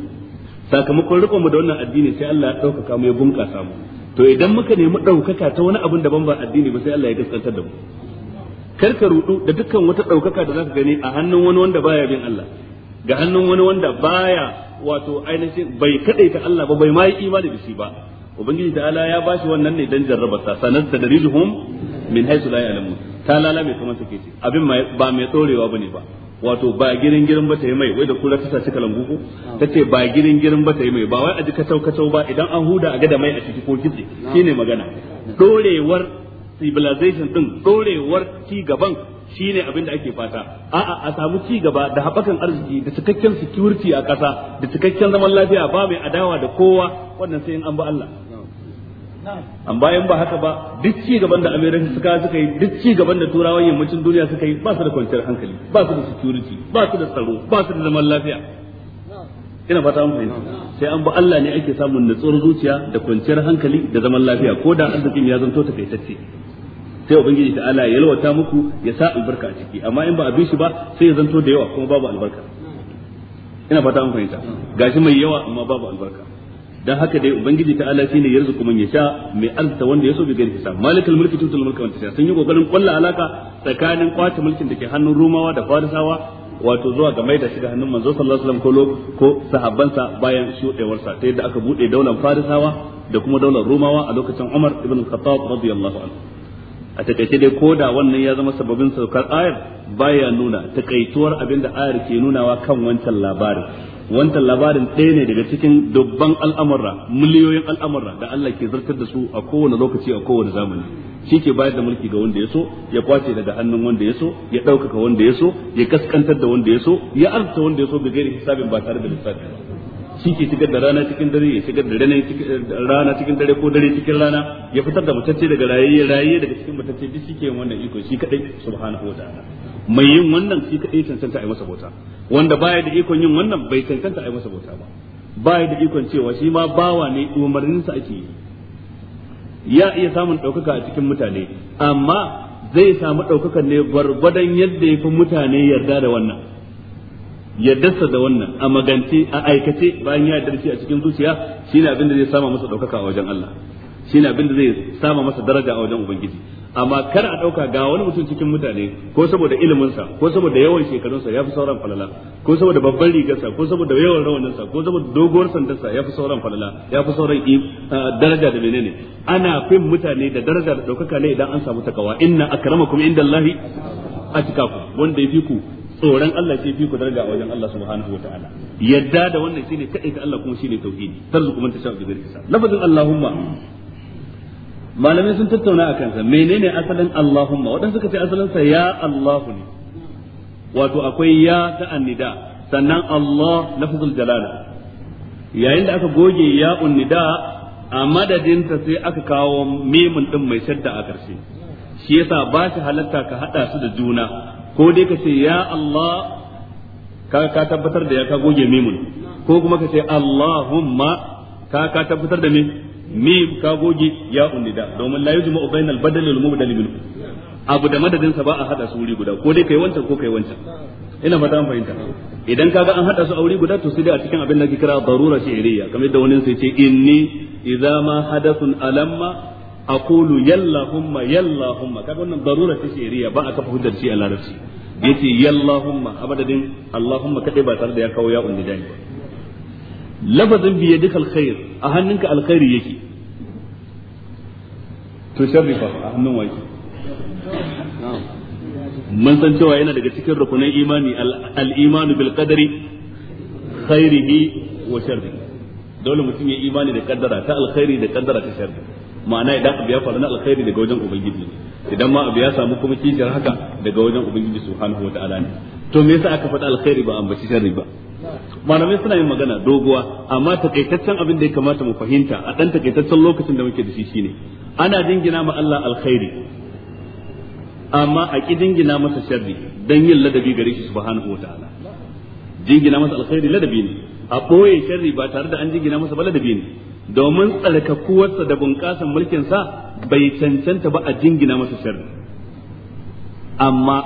Speaker 1: sakamakon riko mu da wannan addini sai Allah ya dauka mu ya bunkasa mu to idan muka nemi daukaka ta wani abin ban ba addini ba sai Allah ya kaskantar da mu kar ka rudu da dukkan wata ɗaukaka da zaka gani a hannun wani wanda baya bin Allah ga hannun wani wanda baya wato ainihin bai kadaita Allah ba bai ma yi imani da shi ba ubangiji ta'ala ya bashi wannan ne dan jarrabarsa sanar da darijuhum min haisu la ya'lamu ta lala mai kuma take ce abin ba mai tsorewa bane ba wato ba girin girin ba ta yi mai wai da kula ta sace kalangu ko tace ba girin girin ba ta yi mai ba wai a ji kasau kasau ba idan an huda a ga da mai a ciki ko gizi shine magana dorewar civilization din dorewar ci gaban shine abin da ake fata a'a a samu ci gaba da haɓakan arziki da cikakken security a ƙasa da cikakken zaman lafiya ba mai adawa da kowa wannan sai in an ba Allah an bayan ba haka ba duk ci gaban da amerika suka suka yi duk ci gaban da turawan yammacin duniya suka yi ba su da kwanciyar hankali ba su da security ba su da tsaro ba su da zaman lafiya ina fata an fahimta sai an ba Allah ne ake samun natsuwar zuciya da kwanciyar hankali da zaman lafiya ko da arzikin ya zanto takaitacce sai ubangiji ta ala ya yalwata muku ya sa albarka ciki amma in ba a bi shi ba sai ya zanto da yawa kuma babu albarka ina fata an fahimta gashi mai yawa amma babu albarka dan haka dai ubangiji ta ala shine yarzuku ya sha mai arzuta wanda yaso bi gani hisab malikul mulki tutul mulka wanda tasha sun yi kokarin kulla alaka tsakanin kwace mulkin da ke hannun rumawa da farisawa wato zuwa ga maida shi da hannun manzo sallallahu alaihi wasallam ko sahabbansa bayan shudewar ta yadda aka bude daular farisawa da kuma daular rumawa a lokacin Umar ibn Khattab radiyallahu anhu a takaice dai ko da wannan ya zama sababin saukar ayar baya nuna takaituwar abin da ayar ke nunawa kan wancan labarin wancan labarin ɗaya ne daga cikin dubban al'amurra miliyoyin al'amurra da Allah ke zartar da su a kowane lokaci a kowane zamani shi ke bayar da mulki ga wanda ya so ya kwace daga hannun wanda ya so ya ɗaukaka wanda ya so ya kaskantar da wanda ya so ya arta wanda ya so ga gairi hisabin ba tare da lissafi ba shi ke shigar da rana cikin dare ya shigar da rana cikin dare ko dare cikin rana ya fitar da mutacce daga rayayye rayayye daga cikin mutacce duk shi ke wannan iko shi kadai subhanahu wa ta'ala mai yin wannan shi kadai cancanta ai masa bauta wanda baya da ikon yin wannan bai cancanta ai masa bauta ba baya da ikon cewa shi ma bawa ne umarninsa ake yi ya iya samun ɗaukaka a cikin mutane amma zai samu daukakan ne gwargwadon yadda ya fi mutane yarda da wannan yaddarsa da wannan a magance a aikace bayan ya darci a cikin zuciya shine abin da zai sama masa daukaka a wajen Allah shine abin da zai sama masa daraja a wajen ubangiji amma kar a dauka ga wani mutum cikin mutane ko saboda iliminsa ko saboda yawan shekarun ya fi sauran falala ko saboda babban rigarsa ko saboda yawan sa ko saboda doguwar sandar sa fi sauran falala ya fi sauran daraja da menene ana fin mutane da daraja da ɗaukaka ne idan an samu takawa inna akramakum indallahi atqakum wanda yafi ku tsoron Allah sai fi ku darga a wajen Allah subhanahu wa ta'ala yadda da wannan shine kadai ta Allah kuma shi shine tauhidi tarzuku man tasha bi ghairi hisab lafazin Allahumma malamai sun tattauna a kansa menene asalin Allahumma wadanda suka ce asalin sa ya Allahu ne wato akwai ya ta annida sannan Allah lafzul jalala yayin da aka goge ya unnida a madadinta sai aka kawo memun din mai shadda a ƙarshe shi yasa ba shi halatta ka hada su da juna ko dai ka ce ya Allah ka ka tabbatar da ya ka goge mimun ko kuma ka ce Allahumma ka ka tabbatar da me mim ka goge ya unida domin la bayna al badal wal mubdal minhu abu da madadin sa ba a hada su wuri guda ko dai kai wancan ko kai wancan ina fata an fahimta idan kaga an hada su a wuri guda to sai dai a cikin abin da ake kira darura shi'riya kamar da wani sai ce inni idza ma hadathun alamma aqulu a kafa hujjar ba tare da ya kawo cewa yana daga cikin rukunin imani al bil qadari khairihi wa sharrihi dole mutum ya imani da kaddara ta alkhairi da kaddara ta sharri ma'ana idan abu ya faru na alkhairi daga wajen ubangiji idan ma abu ya samu kuma kishiyar haka daga wajen ubangiji subhanahu wa ta'ala ne to me yasa aka faɗa alkhairi ba ambaci sharri ba malamai suna yin magana doguwa amma takaitaccen abin da ya kamata mu fahimta a dan takaitaccen lokacin da muke da shi shine ana jingina ma Allah alkhairi amma a ki jingina masa sharri dan yin ladabi gare shi subhanahu wa ta'ala jingina masa alkhairi ladabi ne a ɓoye sharri ba tare da an jingina masa ba ladabi ne domin tsarkakuwarsa da bunƙasan mulkinsa bai cancanta ba a jingina masa sharri amma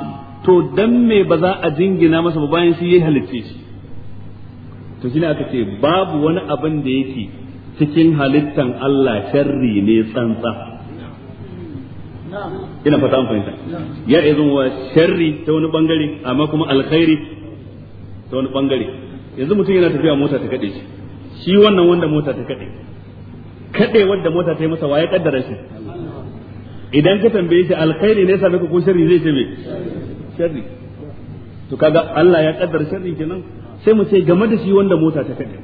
Speaker 1: to dan me ba za a jingina masa ba bayan shi ya halitta shi to ne aka ce babu wani abin da yake cikin halittan Allah sharri ne tsantsa ina fata an fahimta ya izin wa sharri ta wani bangare amma kuma alkhairi ta wani bangare yanzu mutum yana tafiya mota ta kade shi shi wannan wanda mota ta kade kade wanda mota ta yi masa waye kaddara shi idan ka tambaye shi alkhairi ne same ka ko sharri zai ce me sharri to kaga Allah ya kaddara sharri kenan sai mu ce game da shi wanda mota ta kade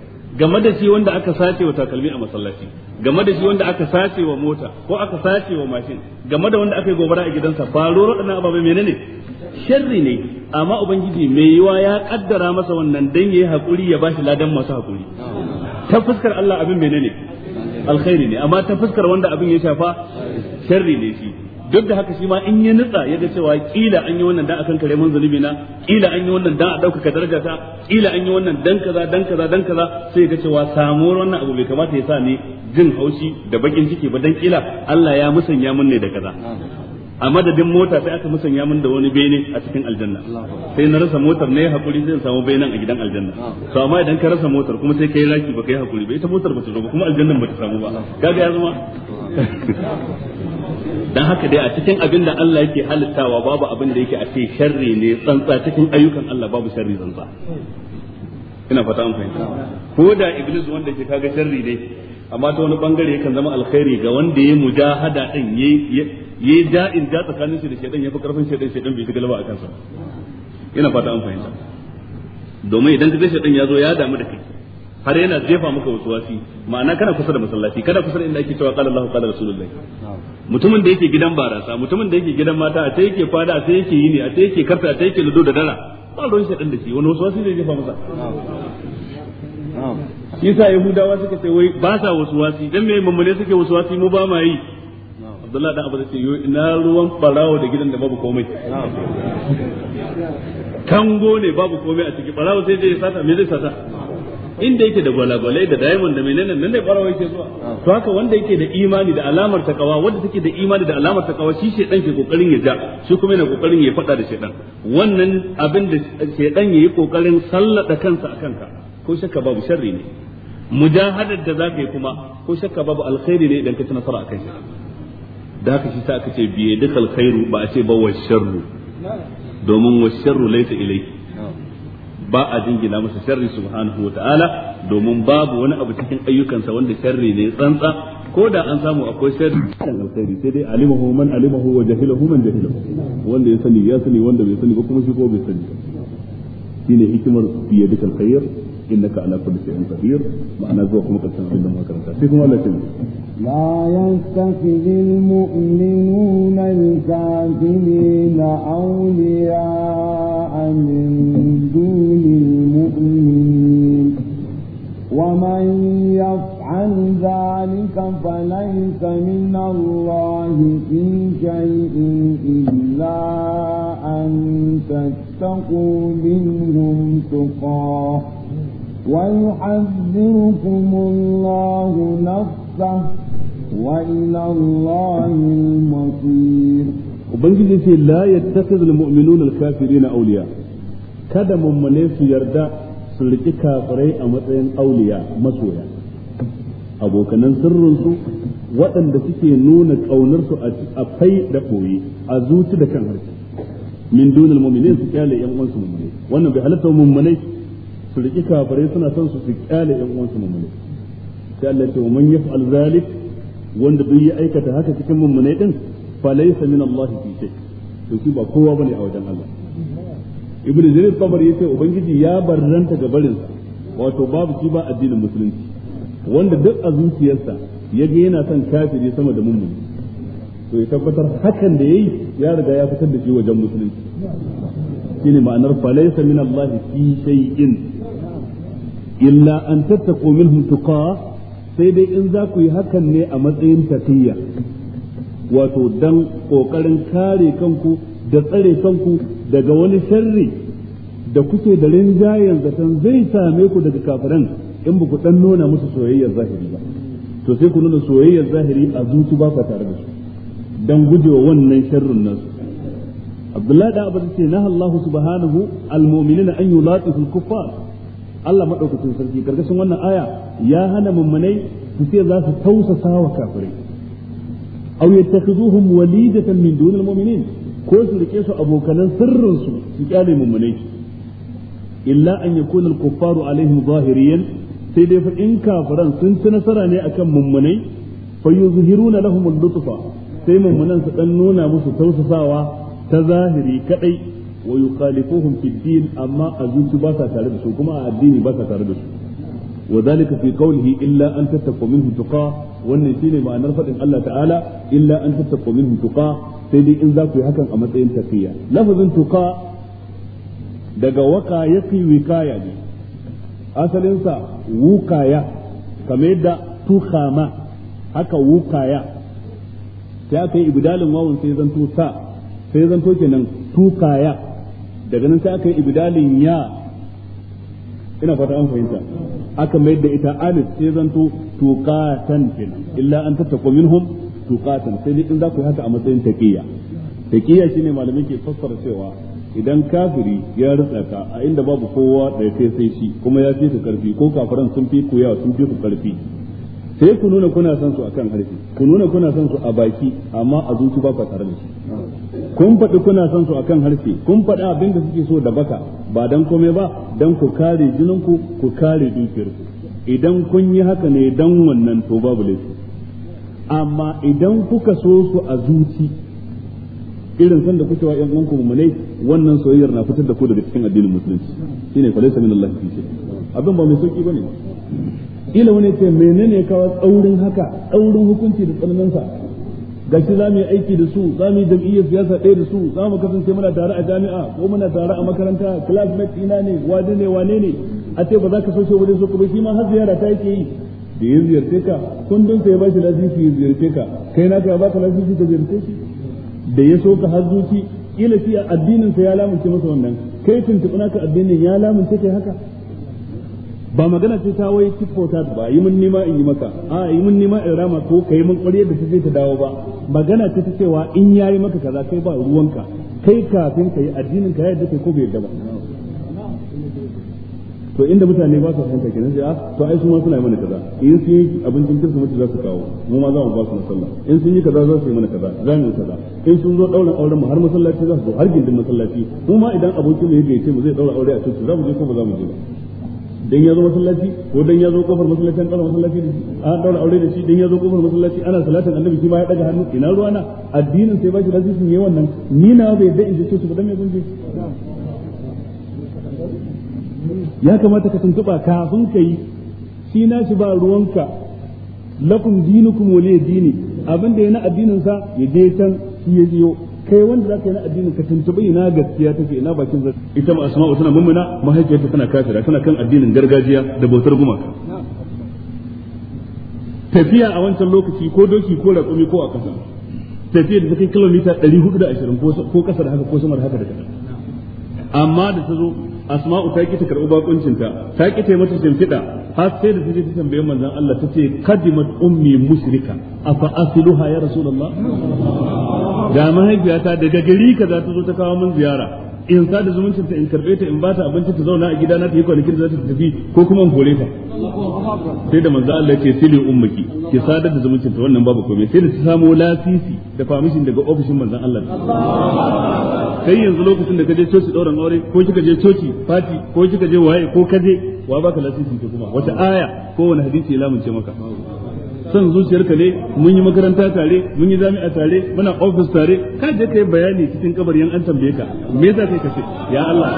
Speaker 1: game da shi wanda aka sace wa takalmi a masallaci game da shi wanda aka sace wa mota ko aka sace wa mashin game da wanda aka yi gobara a gidansa ba roro waɗannan ababai menene sharri ne amma ubangiji mai yiwa ya kaddara masa wannan dan yayi hakuri ya bashi ladan masu hakuri ta fuskar Allah abin ne alkhairi ne amma ta fuskar wanda abin ya shafa sharri ne shi duk da haka shi ma in ya nutsa ya ga cewa kila an yi wannan dan akan kare mun zunubi na kila an yi wannan dan a dauka daraja ta kila an yi wannan dan kaza dan kaza dan kaza sai ga cewa samuwar wannan abu bai kamata ya sa ni jin haushi da bakin ciki ba dan kila Allah ya musanya mun ne da kaza a madadin mota sai aka musanya min da wani bene a cikin aljanna sai na rasa motar ne hakuri zai samu benen a gidan aljanna to amma idan ka rasa motar kuma sai kai laki baka yi hakuri ba ita motar bata zo ba kuma aljannan bata samu ba kaga ya zama dan haka dai a cikin abin da Allah yake halittawa babu abin da yake a ce sharri ne tsantsa cikin ayyukan Allah babu sharri tsantsa ina fata an fahimta ko da iblis wanda ke kaga sharri ne amma ta wani bangare yakan zama alkhairi ga wanda ya mujahada din yayi da'in da tsakanin shi da shedan yafi karfin shedan shedan bai shiga galaba a kansa ina fata an fahimta domin idan ka ga shedan ya zo ya damu da kai har yana jefa maka wasu wasi ma'ana kana kusa da masallaci kana kusa da inda ake cewa qala Allahu qala rasulullahi mutumin da yake gidan barasa mutumin da yake gidan mata a ta yake fada a ta yake yini a ta yake karta a ta yake ludo da dara ba ruwan shedan da shi wani wasu wasi zai jefa masa yasa yahudawa suka ce wai ba sa wasu wasi dan me mamune suke wasu wasi mu ba ma yi Abdullahi dan Abu ce ina ruwan barawo da gidan da babu komai kango ne babu komai a ciki barawo sai dai sata me zai sata inda yake da gwalagwalai da diamond da menene nan ne barawo yake zuwa to haka wanda yake da imani da alamar takawa wanda take da imani da alamar takawa shi shedan ke kokarin ya ja shi kuma yana kokarin ya fada da shedan wannan abin da shedan yayi kokarin sallada kansa akan ka ko shakka babu sharri ne mujahadar da zaka yi kuma ko shakka babu alkhairi ne idan ka ci nasara akan shi da haka shi sa aka ce biye duk alkhairu ba a ce ba wa sharru domin wa sharru laysa ilayhi ba a jingina masa sharri subhanahu wa ta'ala domin babu wani abu cikin ayyukansa wanda sharri ne tsantsa ko da an samu akwai sharri kan alkhairi sai dai alimahu man alimahu wa jahilahu man jahilahu wanda ya sani ya sani wanda bai sani ba kuma shi ko bai sani shine hikimar biye duk alkhair إنك على كل شيء قدير معنا zuwa kuma karshen abin da muka شيء
Speaker 2: لا يتخذ المؤمنون الكافرين أولياء من دون المؤمنين ومن يفعل ذلك فليس من الله في شيء إلا أن تتقوا منهم تقاه ويحذركم
Speaker 1: الله نفسه وإلى الله المصير وبنجي في لا يتخذ المؤمنون الكافرين أولياء kada mummune su yarda su riƙi kafirai a matsayin auliya masoya abokanan sirrinsu waɗanda suke nuna ƙaunarsu a fai da ɓoye a zuci da kan harshe min dunal mu'minin su wannan bai su riƙi kafirai suna son su su kyale yan uwansu mummune sai Allah ce man zalik wanda duk ya aikata haka cikin mummune din fa laysa min Allah fi shay to shi ba kowa bane a wajen Allah ibnu jarir tabari yace ubangiji ya barranta ga barin wato babu shi ba addinin musulunci wanda duk a zuciyarsa ga yana son kafiri sama da mummune to ya tabbatar hakan da yayi ya riga ya fitar da shi wajen musulunci shine ma'anar falaysa min Allah fi shay'in illa an tattako minhum tuqa sai dai in za ku yi hakan ne a matsayin tafiya wato dan kokarin kare kanku da tsare kanku daga wani sharri da kuke da rinjayen zaton zai same ku daga kafiran in ba ku dan nuna musu soyayyar zahiri ba to sai ku nuna soyayyar zahiri a zuci ba ku tare da su dan gujewa wannan sharrin nasu Abdullahi da Abu ce na subhanahu al-mu'minina an yulatu kuffar Allah maɗaukacin sarki gargashin wannan aya ya hana mummunai su ce za su tausasa wa kafirai aw yattakhiduhum walidatan min dunil mu'minin ko su rike su abokanan sirrin su su kyale mummunai illa an yakuna al-kuffaru alaihim zahiriyan sai dai fa in kafiran sun ci nasara ne akan mummunai fa yuzhiruna lahum al-lutfa sai mummunan su dan nuna musu tausasawa ta zahiri kadai wa yukhalifuhum fi amma a zuci tare da su kuma a addini ba tare da su wa zalika fi qawlihi illa an tattaqu minhu tuqa wannan shine ma'anar faɗin Allah ta'ala illa an tattaqu minhu tuqa sai dai in zaku yi hakan a matsayin tafiya lafazin tuqa daga waka yaqi wikaya ne asalinsa wukaya kamar yadda tukama haka wukaya sai aka yi wawan sai zanto sa sai zanto kenan tukaya daga nan sai aka yi ibdalin ya ina fata an fahimta aka mai da ita alif sai zanto tuqatan kenan illa an tattaqu minhum tuqatan sai in za ku haka a matsayin taqiya taqiya shine malamin ke fassara cewa idan kafiri ya rutsa ka a inda babu kowa da kai sai shi kuma ya fi ka karfi ko kafiran sun fi ku yawa sun fi ku karfi sai ku nuna kuna son su akan harfi ku nuna kuna son su a baki amma a zuci ba ku tare da shi kun faɗi kuna son su akan harshe kun faɗi abin da suke so da baka ba dan komai ba dan ku kare jininku ku kare dukiyarku idan kun yi haka ne dan wannan to babu laifi amma idan kuka so su a zuci irin sanda kuke wa ƴan uwanku mummunai wannan soyayyar na fitar da ku daga cikin addinin musulunci shine fa laysa minallahi fi shay abin ba mai sauki bane ila wani ce menene kawo tsaurin haka tsaurin hukunci da tsananin sa gashi za mu yi aiki da su za mu yi jam'iyyar siyasa ɗaya da su za mu kasance muna tare a jami'a ko muna tare a makaranta classmate ina ne wane ne wane ne a ce ba za ka so wurin su kuma shi ma har ziyara ta yake yi da ya ziyarce ka kundin sa ya ba shi lasisi ya ziyarce ka kai naka ba ka lasisi ka ziyarce shi da ya so ka har zuci kila shi addinin sa ya lamunce masa wannan kai tuntuɓi ka addinin ya lamunce kai haka ba magana ce ta wai tifota ba yi mun nima in yi maka a yi mun nima in rama ko ka yi mun ƙwarya da ta ta dawo ba magana ce ta cewa in yayi maka kaza kai ba ruwanka kai kafin ka yi addinin ka yadda kai ko bai yadda ba to inda mutane ba su fahimta kenan sai a ah, to ai su ma suna yi mana kaza in sun yi abincin mutu za su kawo mu ma za mu ba su na in sun yi kaza za su yi mana kaza za mu kaza in sun zo daura auren mu har masallaci za su zo har gindin masallaci mu ma idan abokin mu ya ce mu zai daura aure a cikin za mu je ko ba za mu je ba dan ya zo masallaci ko dan ya zo kofar masallaci an daura masallaci da shi an daura aure da shi dan ya zo kofar masallaci ana salatin annabi shi ma ya daga hannu ina ruwana addinin sai ba shi lazifi ne wannan ni na bai da in ce su dan me zan je ya kamata ka tuntuba kafin ka yi shi na shi ba ruwanka lakum dinukum waliy dini abin da yana addinin sa ya je can shi ya biyo kai wanda zaka yi na addinin ka tuntubi ina gaskiya take ina bakin zai ita ma asma'u tana mummuna mahaifiyarta tana kafira tana kan addinin gargajiya da bautar gumaka tafiya a wancan lokaci ko doki ko raƙumi ko a ƙasa tafiya da ta kai kilomita 420 ko ƙasa da haka ko sama da haka da kaɗan amma da ta zo asma'u ta ki ta karɓi ta ki ta yi mata shimfiɗa har sai da ta je ta tambaye manzon Allah ta ce kadimat ummi musrika afa asiluha ya rasulullah ga mahaifiyata daga gari kaza ta zo ta kawo mun ziyara in sa da zumuncinta ta in karbe ta in bata abinci ta zauna a gida na ta yi kwanakin da za ta tafi ko kuma in kore ta sai da manzo Allah ce sili ummaki ki sadar da zumuncinta wannan babu komai sai da ta samu lasisi da famishin daga ofishin manzon Allah kai yanzu lokacin da ka je coci dauran aure ko kika je coci party ko kika je waye ko kaje wa baka lasisi ta kuma wata aya ko wani hadisi ya lamunce maka son zuciyarka ne mun yi makaranta tare mun yi jami'a tare muna ofis tare ka je kai bayani cikin kabarin an tambaye ka me yasa kai kace ya Allah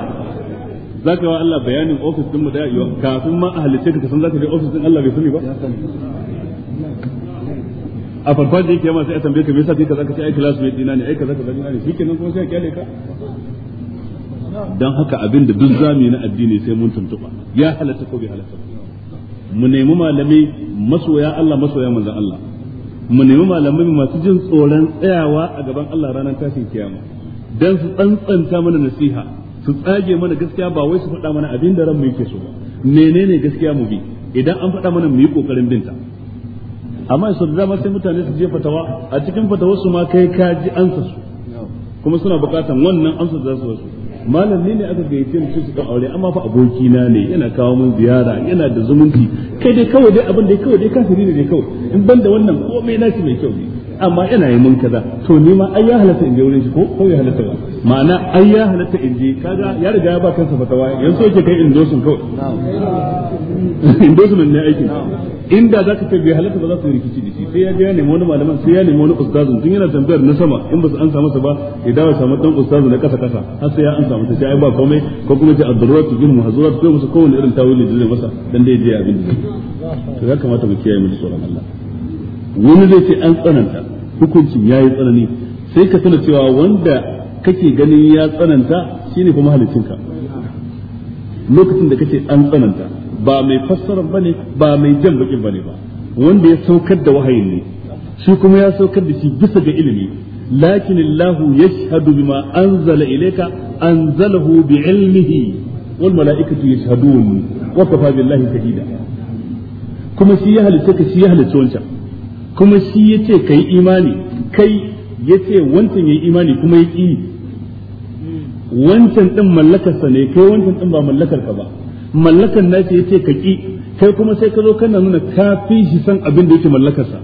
Speaker 1: zaka wa Allah bayanin ofis din mu da yau kafin ma a halice ka san zaka je office din Allah bai sani ba a farfar da yake yamma sai a tambaye ka me yasa kai kaza ka ce ai classmate dina ne ai kaza kaza dina ne shikenan kuma sai a kyale ka dan haka abin da duk zamu na addini sai mun tuntuba ya halatta ko bai halatta mu nemi malami masoya Allah masoya manzon Allah mu nemi malamai masu jin tsoron tsayawa a gaban Allah ranar tashin kiyama dan su tsantsanta mana nasiha su tsage mana gaskiya ba wai su faɗa mana abin da ranmu yake so ba menene gaskiya mu bi idan an faɗa mana mu yi kokarin binta amma su da dama sai mutane su je fatawa a cikin su ma kai ka ji ansa su kuma suna bukatan wannan ansa za su wasu malam ne ne aka gayyace ni su kan aure amma fa aboki na ne yana kawo mun ziyara yana da zumunci kai dai kawai dai abin dai kawai dai kafiri ne dai kawai in ban da wannan komai shi mai kyau ne amma ina yi mun kaza to ni ma ai ya halatta in je wurin shi ko ko ya halatta ba ma'ana ai ya halatta in je kaga ya riga ya ba kansa fatawa yanzu yake kai indosun kawai indosun ne aikin inda za kai bai halatta ba za su yi rikici da shi sai ya je ya nemi wani malaman sai ya nemi wani ustazin tun yana tambayar na sama in ba su ansa masa ba ya dawo samu dan ustazu na kasa kasa har sai ya ansa masa sai ai ba komai ko kuma ji ad-daruratu bil mahzurat ko musu kowanne irin tawili da zai masa dan dai je abin da to ya kamata mu kiyaye mu tsoron Allah wani zai ce an tsananta hukuncin ya yi tsanani sai ka tuna cewa wanda kake ganin ya tsananta shine kuma halittinka lokacin da kake an tsananta ba mai fassara ba ne ba mai jan bakin ba ne ba wanda ya saukar da wahayin ne shi kuma ya saukar da shi bisa ga ilimi lakin Allah yashhadu bima anzala ilayka anzalahu bi ilmihi wal malaikatu yashhadun wa kafa billahi shahida kuma shi ya halitta ka shi ya halitta wancan kuma shi yace kai imani kai yace wancan yayi imani kuma ya ki wancan din mallakarsa ne kai wancan din ba mallakar ka ba mallakar nashi yace ka ki kai kuma sai ka zo kana nuna ka fi shi san abin da yake mallakarsa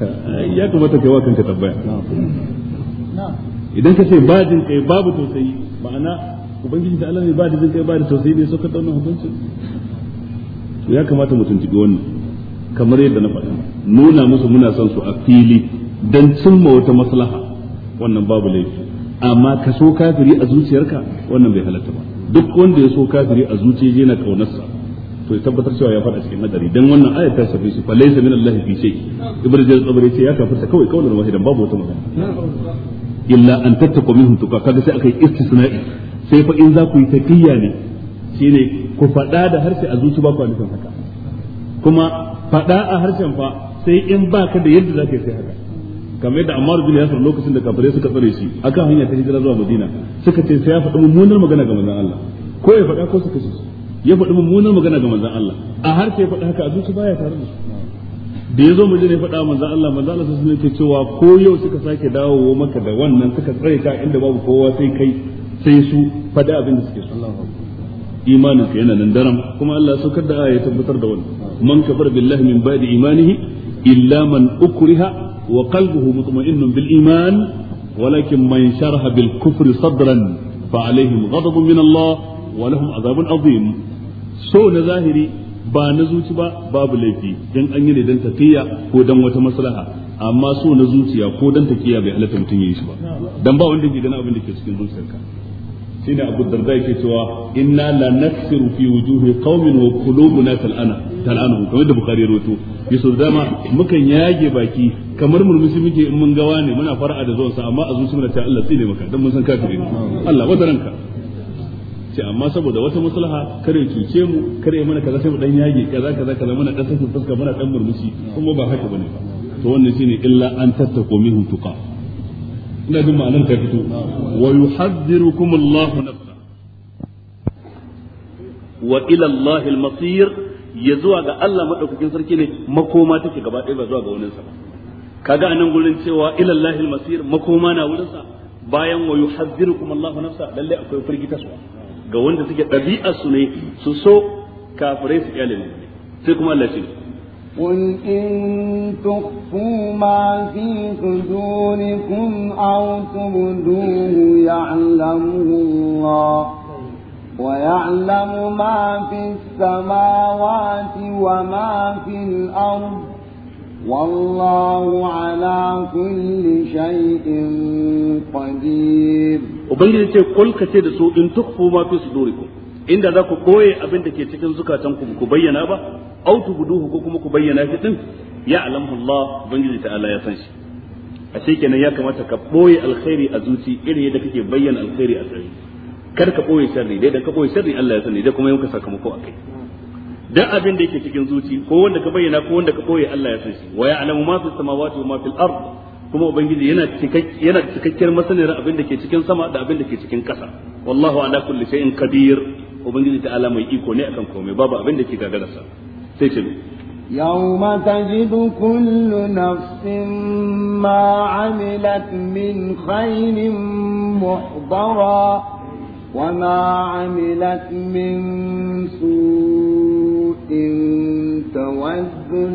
Speaker 1: ya kamata kai wa kanka tabbaya idan ka ce ba jin kai babu tausayi ma'ana ubangiji da Allah ne ba da jin kai ba da tausayi ne so ka ɗauna hukunci ya kamata mutum tuntuɓe wannan kamar yadda na faɗa nuna musu muna son su a fili dan cimma wata maslaha wannan babu laifi amma ka so kafiri a zuciyarka wannan bai halatta ba duk wanda ya so kafiri a zuciya yana kaunarsa to ya tabbatar cewa ya faɗa cikin nazari dan wannan ayat ta shafe shi fa laysa min allahi fi shay ibnu jarir tsabari ce ya kafirta kawai kaunar wahidan babu wata magana illa an tattaqu minhum tuqa kaga sai akai istisna'i sai fa in za ku yi taqiya ne shine ku faɗa da harshe a zuci ba ku nufin haka kuma faɗa a harshen fa sai in ba ka da yadda zaka yi sai haka kamar yadda Ammar ya Yasir lokacin da kafirai suka tsare shi akan hanya ta hijira zuwa Madina suka ce sai ya faɗi mummunar magana ga manzon Allah ko ya faɗa ko su kashe su ya faɗi mummunar magana ga manzon Allah a harshe ya faɗa haka a zuci baya tare da su da ya zo mu ne faɗa manzan Allah manzan Allah sun yake cewa ko yau suka sake dawowa maka da wannan suka tsare ka inda babu kowa sai kai sai su faɗa abin da suke so imanin ka yana nan daram kuma Allah ya saukar da aya ya tabbatar da wannan man kafara billahi min ba'di imanihi illa man ukriha wa qalbuhu mutma'innun bil iman walakin man sharaha bil kufri sadran fa alaihim ghadabun min Allah wa lahum adhabun adhim so na zahiri ba na zuci ba babu laifi dan an yi ne dan tafiya ko dan wata maslaha amma so na zuciya ko dan tafiya bai halatta mutum yayi shi ba dan ba wanda ke ganin abin da ke cikin zuciyarka shine abu darda yake cewa inna la naksiru fi wujuhi qaumin wa qulubuna tal'ana tal'anu kamar da bukhari rawaito yaso dama mukan yage baki kamar murmushi muke in mun gawa ne muna fara'a da zuwansa amma a zuci muna ta Allah tsine maka dan mun san kafiri ne Allah wata ranka ce amma saboda wata maslaha kare cuce mu kare mana kaza sai mu dan yage kaza kaza kaza muna dan sakin fuska muna dan murmushi kuma ba haka bane to wannan shine illa an tattako min tuqa ina jin ma'anar ta fito wa yuhadhdhirukum Allah nafsa wa ila Allah al-masir ya zuwa ga Allah madaukakin sarki ne makoma take gaba ɗaya ba zuwa ga wurin sa kaga anan gurin cewa ila Allah al-masir makoma na wurin sa bayan wa yuhadhdhirukum Allah nafsa lalle akwai su, ga wanda suke ɗabi'ar su ne su so kafirai su kyale sai kuma Allah ce قل إن تخفوا
Speaker 2: ما في صدوركم أو تبدوه يعلمه الله ويعلم ما في السماوات وما في الأرض والله على كل شيء قدير
Speaker 1: وبين قل كسيد سوء إن تخفوا ما في صدوركم inda za ku koye abin da ke cikin zukatan ku ku bayyana ba au tubduhu ko kuma ku bayyana shi din ya alamu Allah ubangiji Allah ya san shi ashe kenan ya kamata ka boye alkhairi a zuci irin yadda kake bayyana alkhairi a sarri kar ka boye sharri dai dan ka boye sharri Allah ya sani dai kuma yanka sakamako akai dan abin da yake cikin zuci ko wanda ka bayyana ko wanda ka boye Allah ya san shi wa ya'lamu ma fis samawati wa ma fil ard kuma ubangiji yana cikakken yana cikakken masaniyar abin da ke cikin sama da abin da ke cikin ƙasa wallahu ala kulli shay'in qadir ubangiji ala mai iko ne akan komai babu abin da ke gagararsa sai ce
Speaker 2: يوم تجد كل نفس ما عملت من خير محضرا وما عملت من سوء تود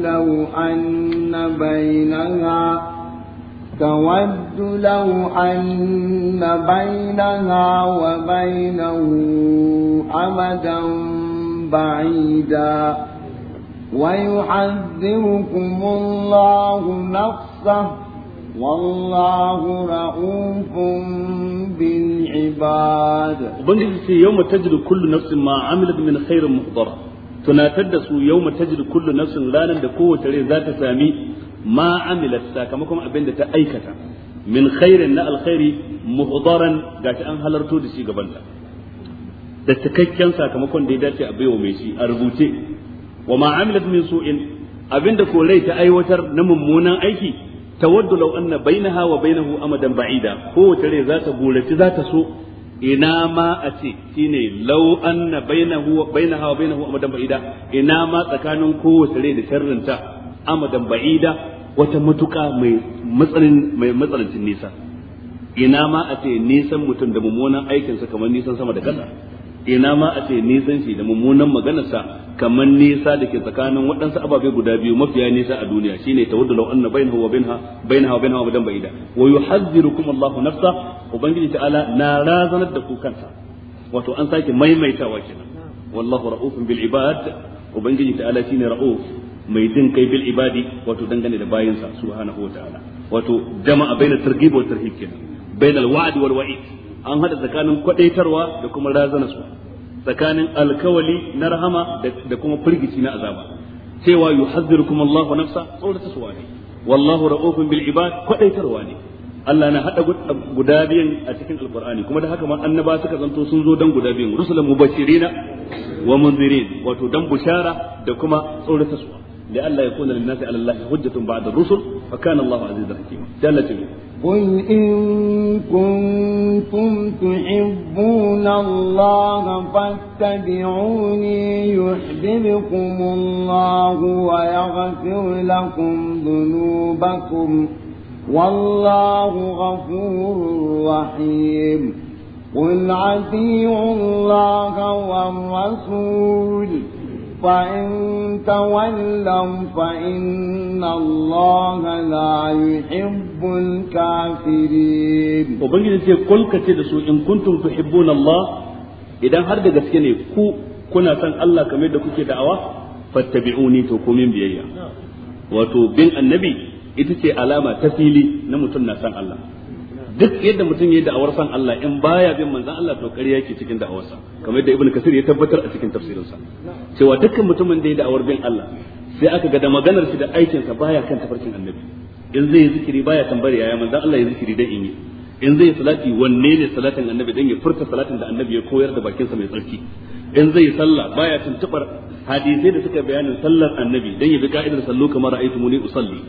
Speaker 2: لو أن بينها تود لو أن بينها وبينه أمدا بعيدا ويحذركم الله
Speaker 1: نفسه والله رؤوف بالعباد وبنجد يوم تجد كل نفس ما عملت من خير محضرة tunatar تدس يوم تجد كل نفس لا ranar da kowace rai ma sakamakon abin da ta aikata min khairin na alkhairi muhdaran gashi an halarto da shi gabanta da cikakken sakamakon da ya dace a baiwa mai shi a rubuce wa ma amilat min su'in abinda ko rai ta aiwatar na mummunan aiki tawaddu law anna bainaha wa bainahu rai za ta za ta so ina ma a ce shine law anna na wa bainaha wa bainahu amadan ba'ida ina ma tsakanin kowace rai da sharrinta amadan ba'ida wata matuka mai matsalancin nisa ina ma a ce nisan mutum da mummunan aikinsa kamar nisan sama da ƙasa ina ma a ce nisan shi da mummunan maganarsa kamar nisa da ke tsakanin waɗansu ababe guda biyu mafiya nisa a duniya shine ta tawaddalu anna bainahu wa bainaha bainaha wa bainaha wadan ba'ida wa yuhadhdhirukum Allahu nafsa ubangiji ta'ala na razanar da ku kansa wato an sake maimaitawa kenan wallahu ra'ufun bil ibad ubangiji ta'ala shine ra'uf mai jin kai bil ibadi wato dangane da bayinsa subhanahu wa ta'ala wato jama'a baina targhib wa tarhib kenan bainal wa'd wal wa'id an hada tsakanin kwadaitarwa da kuma razana su tsakanin alkawali na rahama da kuma firgici na azaba cewa yuhazzirukum Allahu nafsa tsorata suwa ne wallahu ra'ufun bil ibad kwadaitarwa ne Allah na hada guda biyan a cikin alqur'ani kuma da haka ma annaba suka zanto sun zo dan guda biyan rusulun mubashirina wa munzirin wato dan bushara da kuma tsorata suwa لئلا يكون للناس على الله حجة بعد الرسل فكان الله عزيزا حكيما جل
Speaker 2: قل إن كنتم تحبون الله فاتبعوني يحببكم الله ويغفر لكم ذنوبكم والله غفور رحيم قل عتيعوا الله والرسول فإن تولوا فإن الله
Speaker 1: لا يحب الكافرين وبنجد سي قل كتير إن كنتم تحبون الله إذا هرد قسكني كو كنا سن الله كميد كوكي دعوة فاتبعوني تكومين بيئيا wato bin annabi ita ce alama ta fili na mutum na san Allah duk yadda mutum yayi da'awar san Allah in baya bin manzon Allah to ƙarya yake cikin da'awarsa kamar yadda ibnu kasir ya tabbatar a cikin tafsirinsa cewa dukkan mutumin da yayi da'awar bin Allah sai aka ga da maganar shi da aikinsa baya kan tafarkin annabi in zai yi zikiri baya tambari yaya manzon Allah ya zikiri dan in yi in zai salati wanne ne salatin annabi dan ya furta salatin da annabi ya koyar da sa mai tsarki in zai sallah baya tuntubar hadisai da suka bayanin sallar annabi dan ya bi ka'idar sallu kamar ra'aytumuni usalli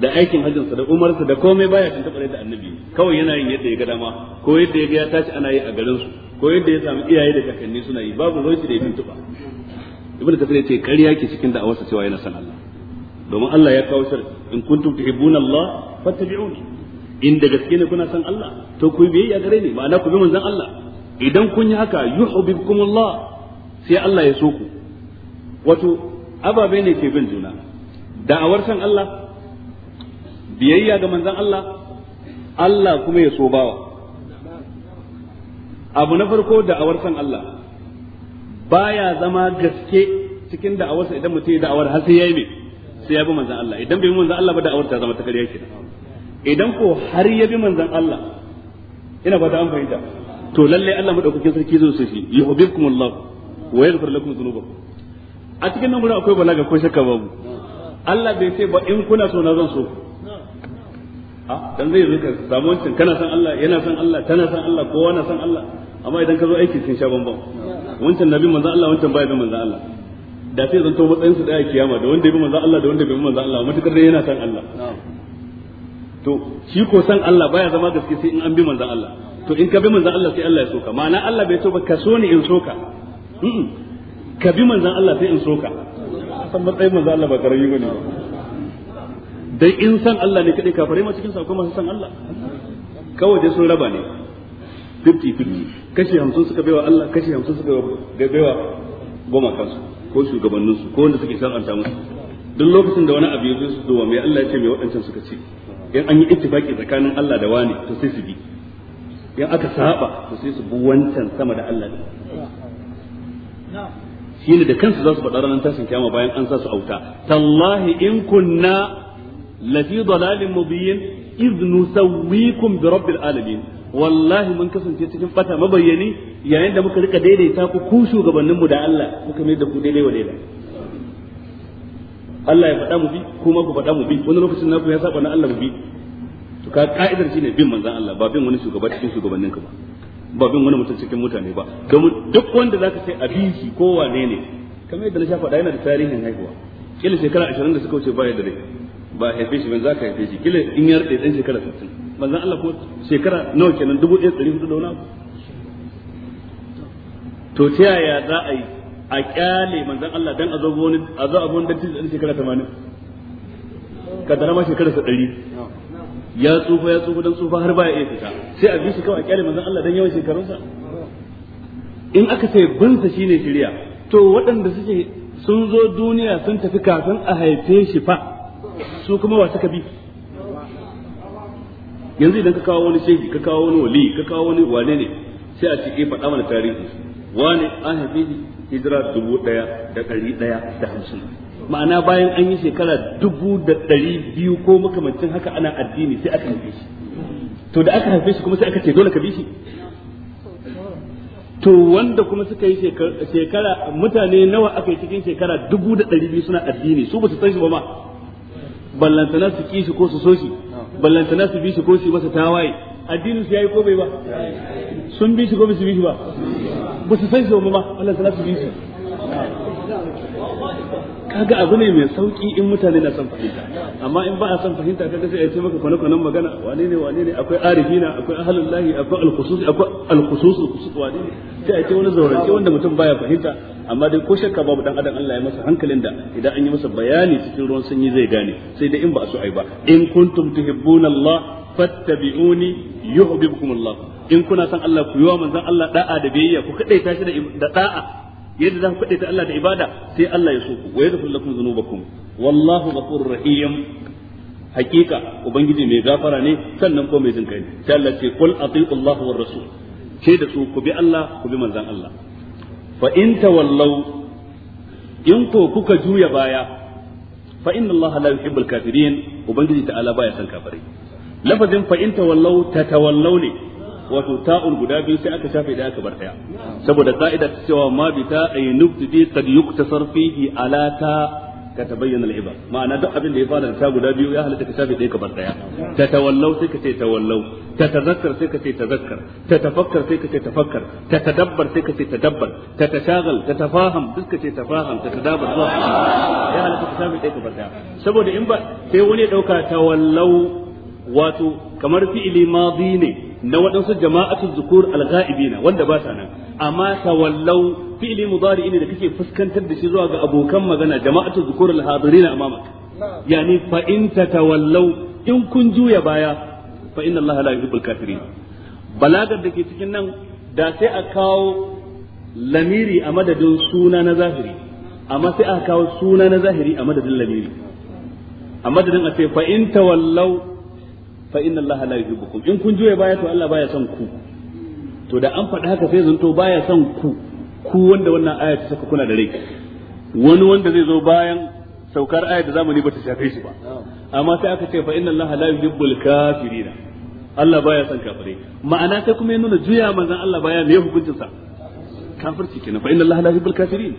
Speaker 1: da aikin hajjin da umarsa da komai baya tantabar da annabi kawai yana yin yadda ya ga dama ko yadda ya ga ya tashi ana yi a garin su ko yadda ya samu iyaye da kakanni suna yi babu ruwan shi da ya tuntuba ibnu kasir yace ƙarya ke cikin da da'awarsa cewa yana san Allah domin Allah ya kawo shar in kuntum tuhibbuna Allah fattabi'uni in da gaske ne kuna san Allah to ku biyayya gare ni ma'ana ku bi manzon Allah idan kun yi haka Allah sai Allah ya so ku wato ababe ne ke bin juna da'awar san Allah biyayya ga manzon Allah Allah kuma ya so bawa abu na farko da'awar san Allah baya zama gaske cikin da'awarsa idan mutum ya da'awar har sai yayi ne sai ya bi manzon Allah idan bai bi manzon Allah ba da'awar ta zama ta ƙarya kenan idan ko har ya bi manzon Allah ina ba ta an fahimta to lalle Allah madaukakin sarki zai so shi yuhibbukumullah wa yaghfir lakum dhunubakum a cikin nan gurin akwai balaga ko shakka babu Allah bai ce ba in kuna so na zan so a dan zai zo ka samu wancan kana san Allah yana san Allah tana san Allah kowa na san Allah amma idan ka zo aiki sun sha bambam wancan nabi manzo Allah wancan bai da manzo Allah da sai zanto matsayin su da kiyama da wanda ya bi manzo Allah da wanda bai bi manzo Allah matukar dai yana san Allah to shi ko san Allah baya zama gaske sai in an bi manzo Allah to in ka bi manzo Allah sai Allah ya soka ma'ana Allah bai so ba ka so ni in soka ka bi manzo Allah sai in soka san matsayin manzo Allah ba karayi bane ba dai in san Allah ne kadai kafare ma cikin sa masu san Allah kawai dai sun raba ne 50-50 kashi 50 suka baiwa Allah kashi 50 suka baiwa goma kansu ko shugabannin su ko wanda suke shar'anta musu duk lokacin da wani abu ya zo su zuwa mai Allah ya ce mai waɗancan suka ce in an yi ittifaki tsakanin Allah da wani to sai su bi in aka saba to sai su bi wancan sama da Allah ne shine da kansu za su faɗa ranar tashin kyama bayan an sa su auta tallahi in kunna lafi dalalin mubin iz nusawwikum bi rabbil alamin wallahi mun kasance cikin bata mabayyani yayin da muka rika daidaita ku ku shugabannin mu da Allah muka mai da ku daidai wa daidai Allah ya faɗa mu bi kuma ku faɗa mu bi wani lokacin naku ya saba na Allah mu bi to ka ka'idar shine bin manzon Allah ba bin wani shugaba cikin shugabannin ka ba ba bin wani mutum cikin mutane ba domin duk wanda zaka ce a shi ko wane ne kamar yadda na sha faɗa yana da tarihin haihuwa kila shekara 20 da suka wuce baya da rai ba haife shi ban za ka haife shi kila in yar ɗaya ɗan shekara sittin zan Allah ko shekara nawa kenan dubu ɗaya ɗari hudu da wani abu
Speaker 3: to ta yaya
Speaker 1: za a yi a kyale zan Allah dan a zo wani a zo abu wanda ɗan shekara tamanin kaddara ma shekara sa ɗari ya tsufa ya tsufa dan tsufa har baya iya fita sai a bi shi kawai a kyale zan Allah dan yawan shekarunsa in aka ce binsa shine shirya to waɗanda suke sun zo duniya sun tafi kafin a haife shi fa su kuma wa suka bi yanzu idan ka kawo wani shehi ka kawo wani wali ka kawo wani wane ne sai a cikin eh, faɗa mana tarihi wane an haife hijira dubu ɗaya da ɗari ɗaya da hamsin ma'ana bayan an yi shekara dubu da ɗari biyu ko makamancin haka ana addini sai aka haife shi to da aka haife shi kuma sai aka ce dole ka bi shi to wanda kuma suka yi shekara mutane nawa aka yi cikin shekara dubu da ɗari biyu suna addini su ba su san shi ba ma ballantana su kishi ko su soki ballantana su bi shi ko su masa tawaye addini su yayi ko bai ba sun bi shi ko bai su bi shi ba ba su san su ba ballantana su bi shi kaga abu ne mai sauki in mutane na son fahimta amma in ba a son fahimta kaga sai a ce maka kwana kwanan magana wane ne wane ne akwai arifina akwai ahlul lahi akwai al-khusus akwai al-khusus al-khusus wane ne sai a ce wani zaurance wanda mutum baya fahimta amma dai ko shakka babu dan adam Allah ya masa hankalin da idan an yi masa bayani cikin ruwan sanyi zai gane sai dai in ba a so ai ba in kuntum tuhibbuna Allah fattabi'uni yuhibbukum Allah in kuna son Allah ku yi wa manzon Allah da'a da biyayya ku kadaita shi da da'a yadda za ku kaɗe ta Allah da ibada sai Allah ya so ku wa yaghfir lakum dhunubakum wallahu ghafurur rahim hakika ubangiji mai gafara ne sannan ko mai jin kai sai Allah ce qul atiiu Allah war rasul ce da su ku bi Allah ku bi manzon Allah fa in tawallaw in ko kuka juya baya fa inna Allah la yuhibbul kafirin ubangiji ta ta'ala baya san kafirai lafazin fa in ta tatawallaw ne wato ta'un guda biyu sai aka shafe da aka bar daya saboda ka'ida ta cewa ma bi ta ay nubtidi kad yuktasar fihi ala ta ka tabayyana al-ibar ma'ana duk abin da ya fara da ta guda biyu ya halatta ka shafe daya ka bar daya ta tawallau sai ka ce tawallau ta tazakkar sai ka ce tazakkar ta tafakkar sai ka ce tafakkar ta tadabbar sai ka ce tadabbar ta tashagal ta tafaham duk ka ce tafaham ta tadabbur zuwa ya halatta ka shafe daya ka bar daya saboda in ba sai wani ya dauka tawallau wato kamar fi'ili madi ne na waɗansu jama'atul zukur al-ghaibina wanda ba sa nan amma tawallau fi'li mudari ne da kake fuskantar da shi zuwa ga abokan magana jama'atul zukur al-hadirina amamaka yani fa in tatawallau in kun juya baya fa inna Allah la yuhibbul kafirin balagar da ke cikin nan da sai a kawo lamiri a madadin suna na zahiri amma sai a kawo suna na zahiri a madadin lamiri a madadin a ce fa in tawallau fa inna Allah la yuhibbukum in kun juye baya to Allah baya son ku to da an faɗi haka sai zanto baya son ku ku wanda wannan aya ta saka kuna da rai wani wanda zai zo bayan saukar aya da zamani bata shafe shi ba amma sai aka ce fa inna Allah la yuhibbul kafirina Allah baya son kafirai ma'ana sai kuma ya nuna juya manzon Allah baya me hukuncin sa kafirci kenan fa inna Allah la yuhibbul kafirin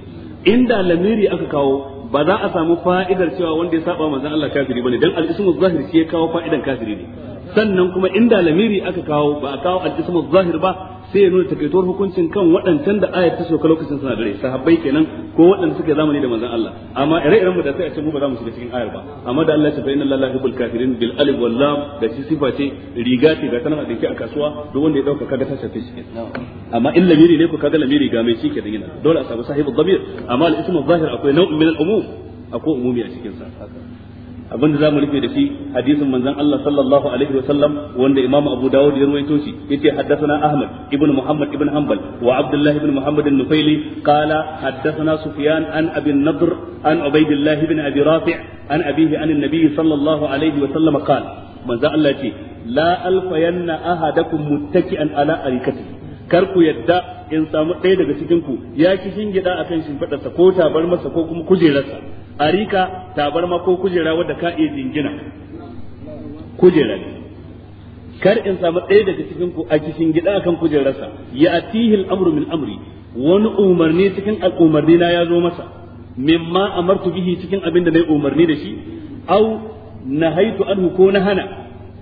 Speaker 1: inda lamiri aka kawo ba za a samu fa'idar cewa wanda ya saba manzon Allah kafiri bane dan al-ismu zahiri shi ya kawo fa'idan kafiri ne sannan kuma inda lamiri aka kawo ba a kawo al-ismu zahir ba sai ya nuna takaituwar hukuncin kan waɗancan da ayat ta soka lokacin suna dare sahabbai kenan ko waɗanda suke zamani da manzon Allah amma ire-iren mu da sai a ce mu ba za mu shiga cikin ayar ba amma da Allah ya ce fa inna lillahi yuhibbul kafirin bil alif wal lam da shi sifa ce riga ce ga tana da a kasuwa duk wanda ya dauka kaga ta shafe shi amma in lamiri ne ko kaga lamiri ga mai shi ke dangina dole a samu sahibul dhamir amma al-ismu zahir akwai nau'in min al-umum akwai umumi a cikin sa abin da zamu rufe da shi hadisin manzon Allah sallallahu alaihi wa sallam wanda Imam Abu Dawud ya rawaito shi yace haddathana Ahmad ibn Muhammad ibn Hanbal wa Abdullah ibn Muhammad an-Nufaili qala haddathana Sufyan an Abi an-Nadr an Ubaydillah ibn Abi Rafi' an abihi an an-nabi sallallahu alaihi wa wasallam qala manzon Allah yace la alfayanna ahadakum muttaki'an ala arikatihi kar ku yadda in samu ɗaya daga cikin ku ya ki shingida akan shimfiɗarsa ko tabar masa ko kuma kujerarsa arika tabarma ko kujera wadda ka iya jingina kujera ne kar in samu ɗaya daga cikin ku a cikin gida akan kujerarsa ya atihil amru min amri wani umarni cikin al'umarni na ya zo masa mimma amartu bihi cikin abin da na yi umarni da shi Au na haitu anhu ko na hana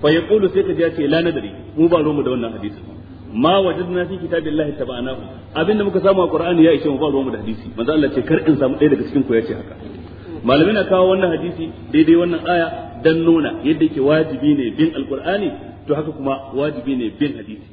Speaker 1: fa yaqulu sai ka ce la nadari mu ba romu da wannan hadisi ma wajen na fi kitabillahi Abin abinda muka samu a qur'ani ya ishe mu ba romu da hadisi manzo Allah ce kar in samu ɗaya daga cikin ku ya ce haka malamai na kawo wannan hadisi daidai wannan aya dan nuna yadda yake wajibi ne bin alqur'ani to haka kuma wajibi ne bin hadisi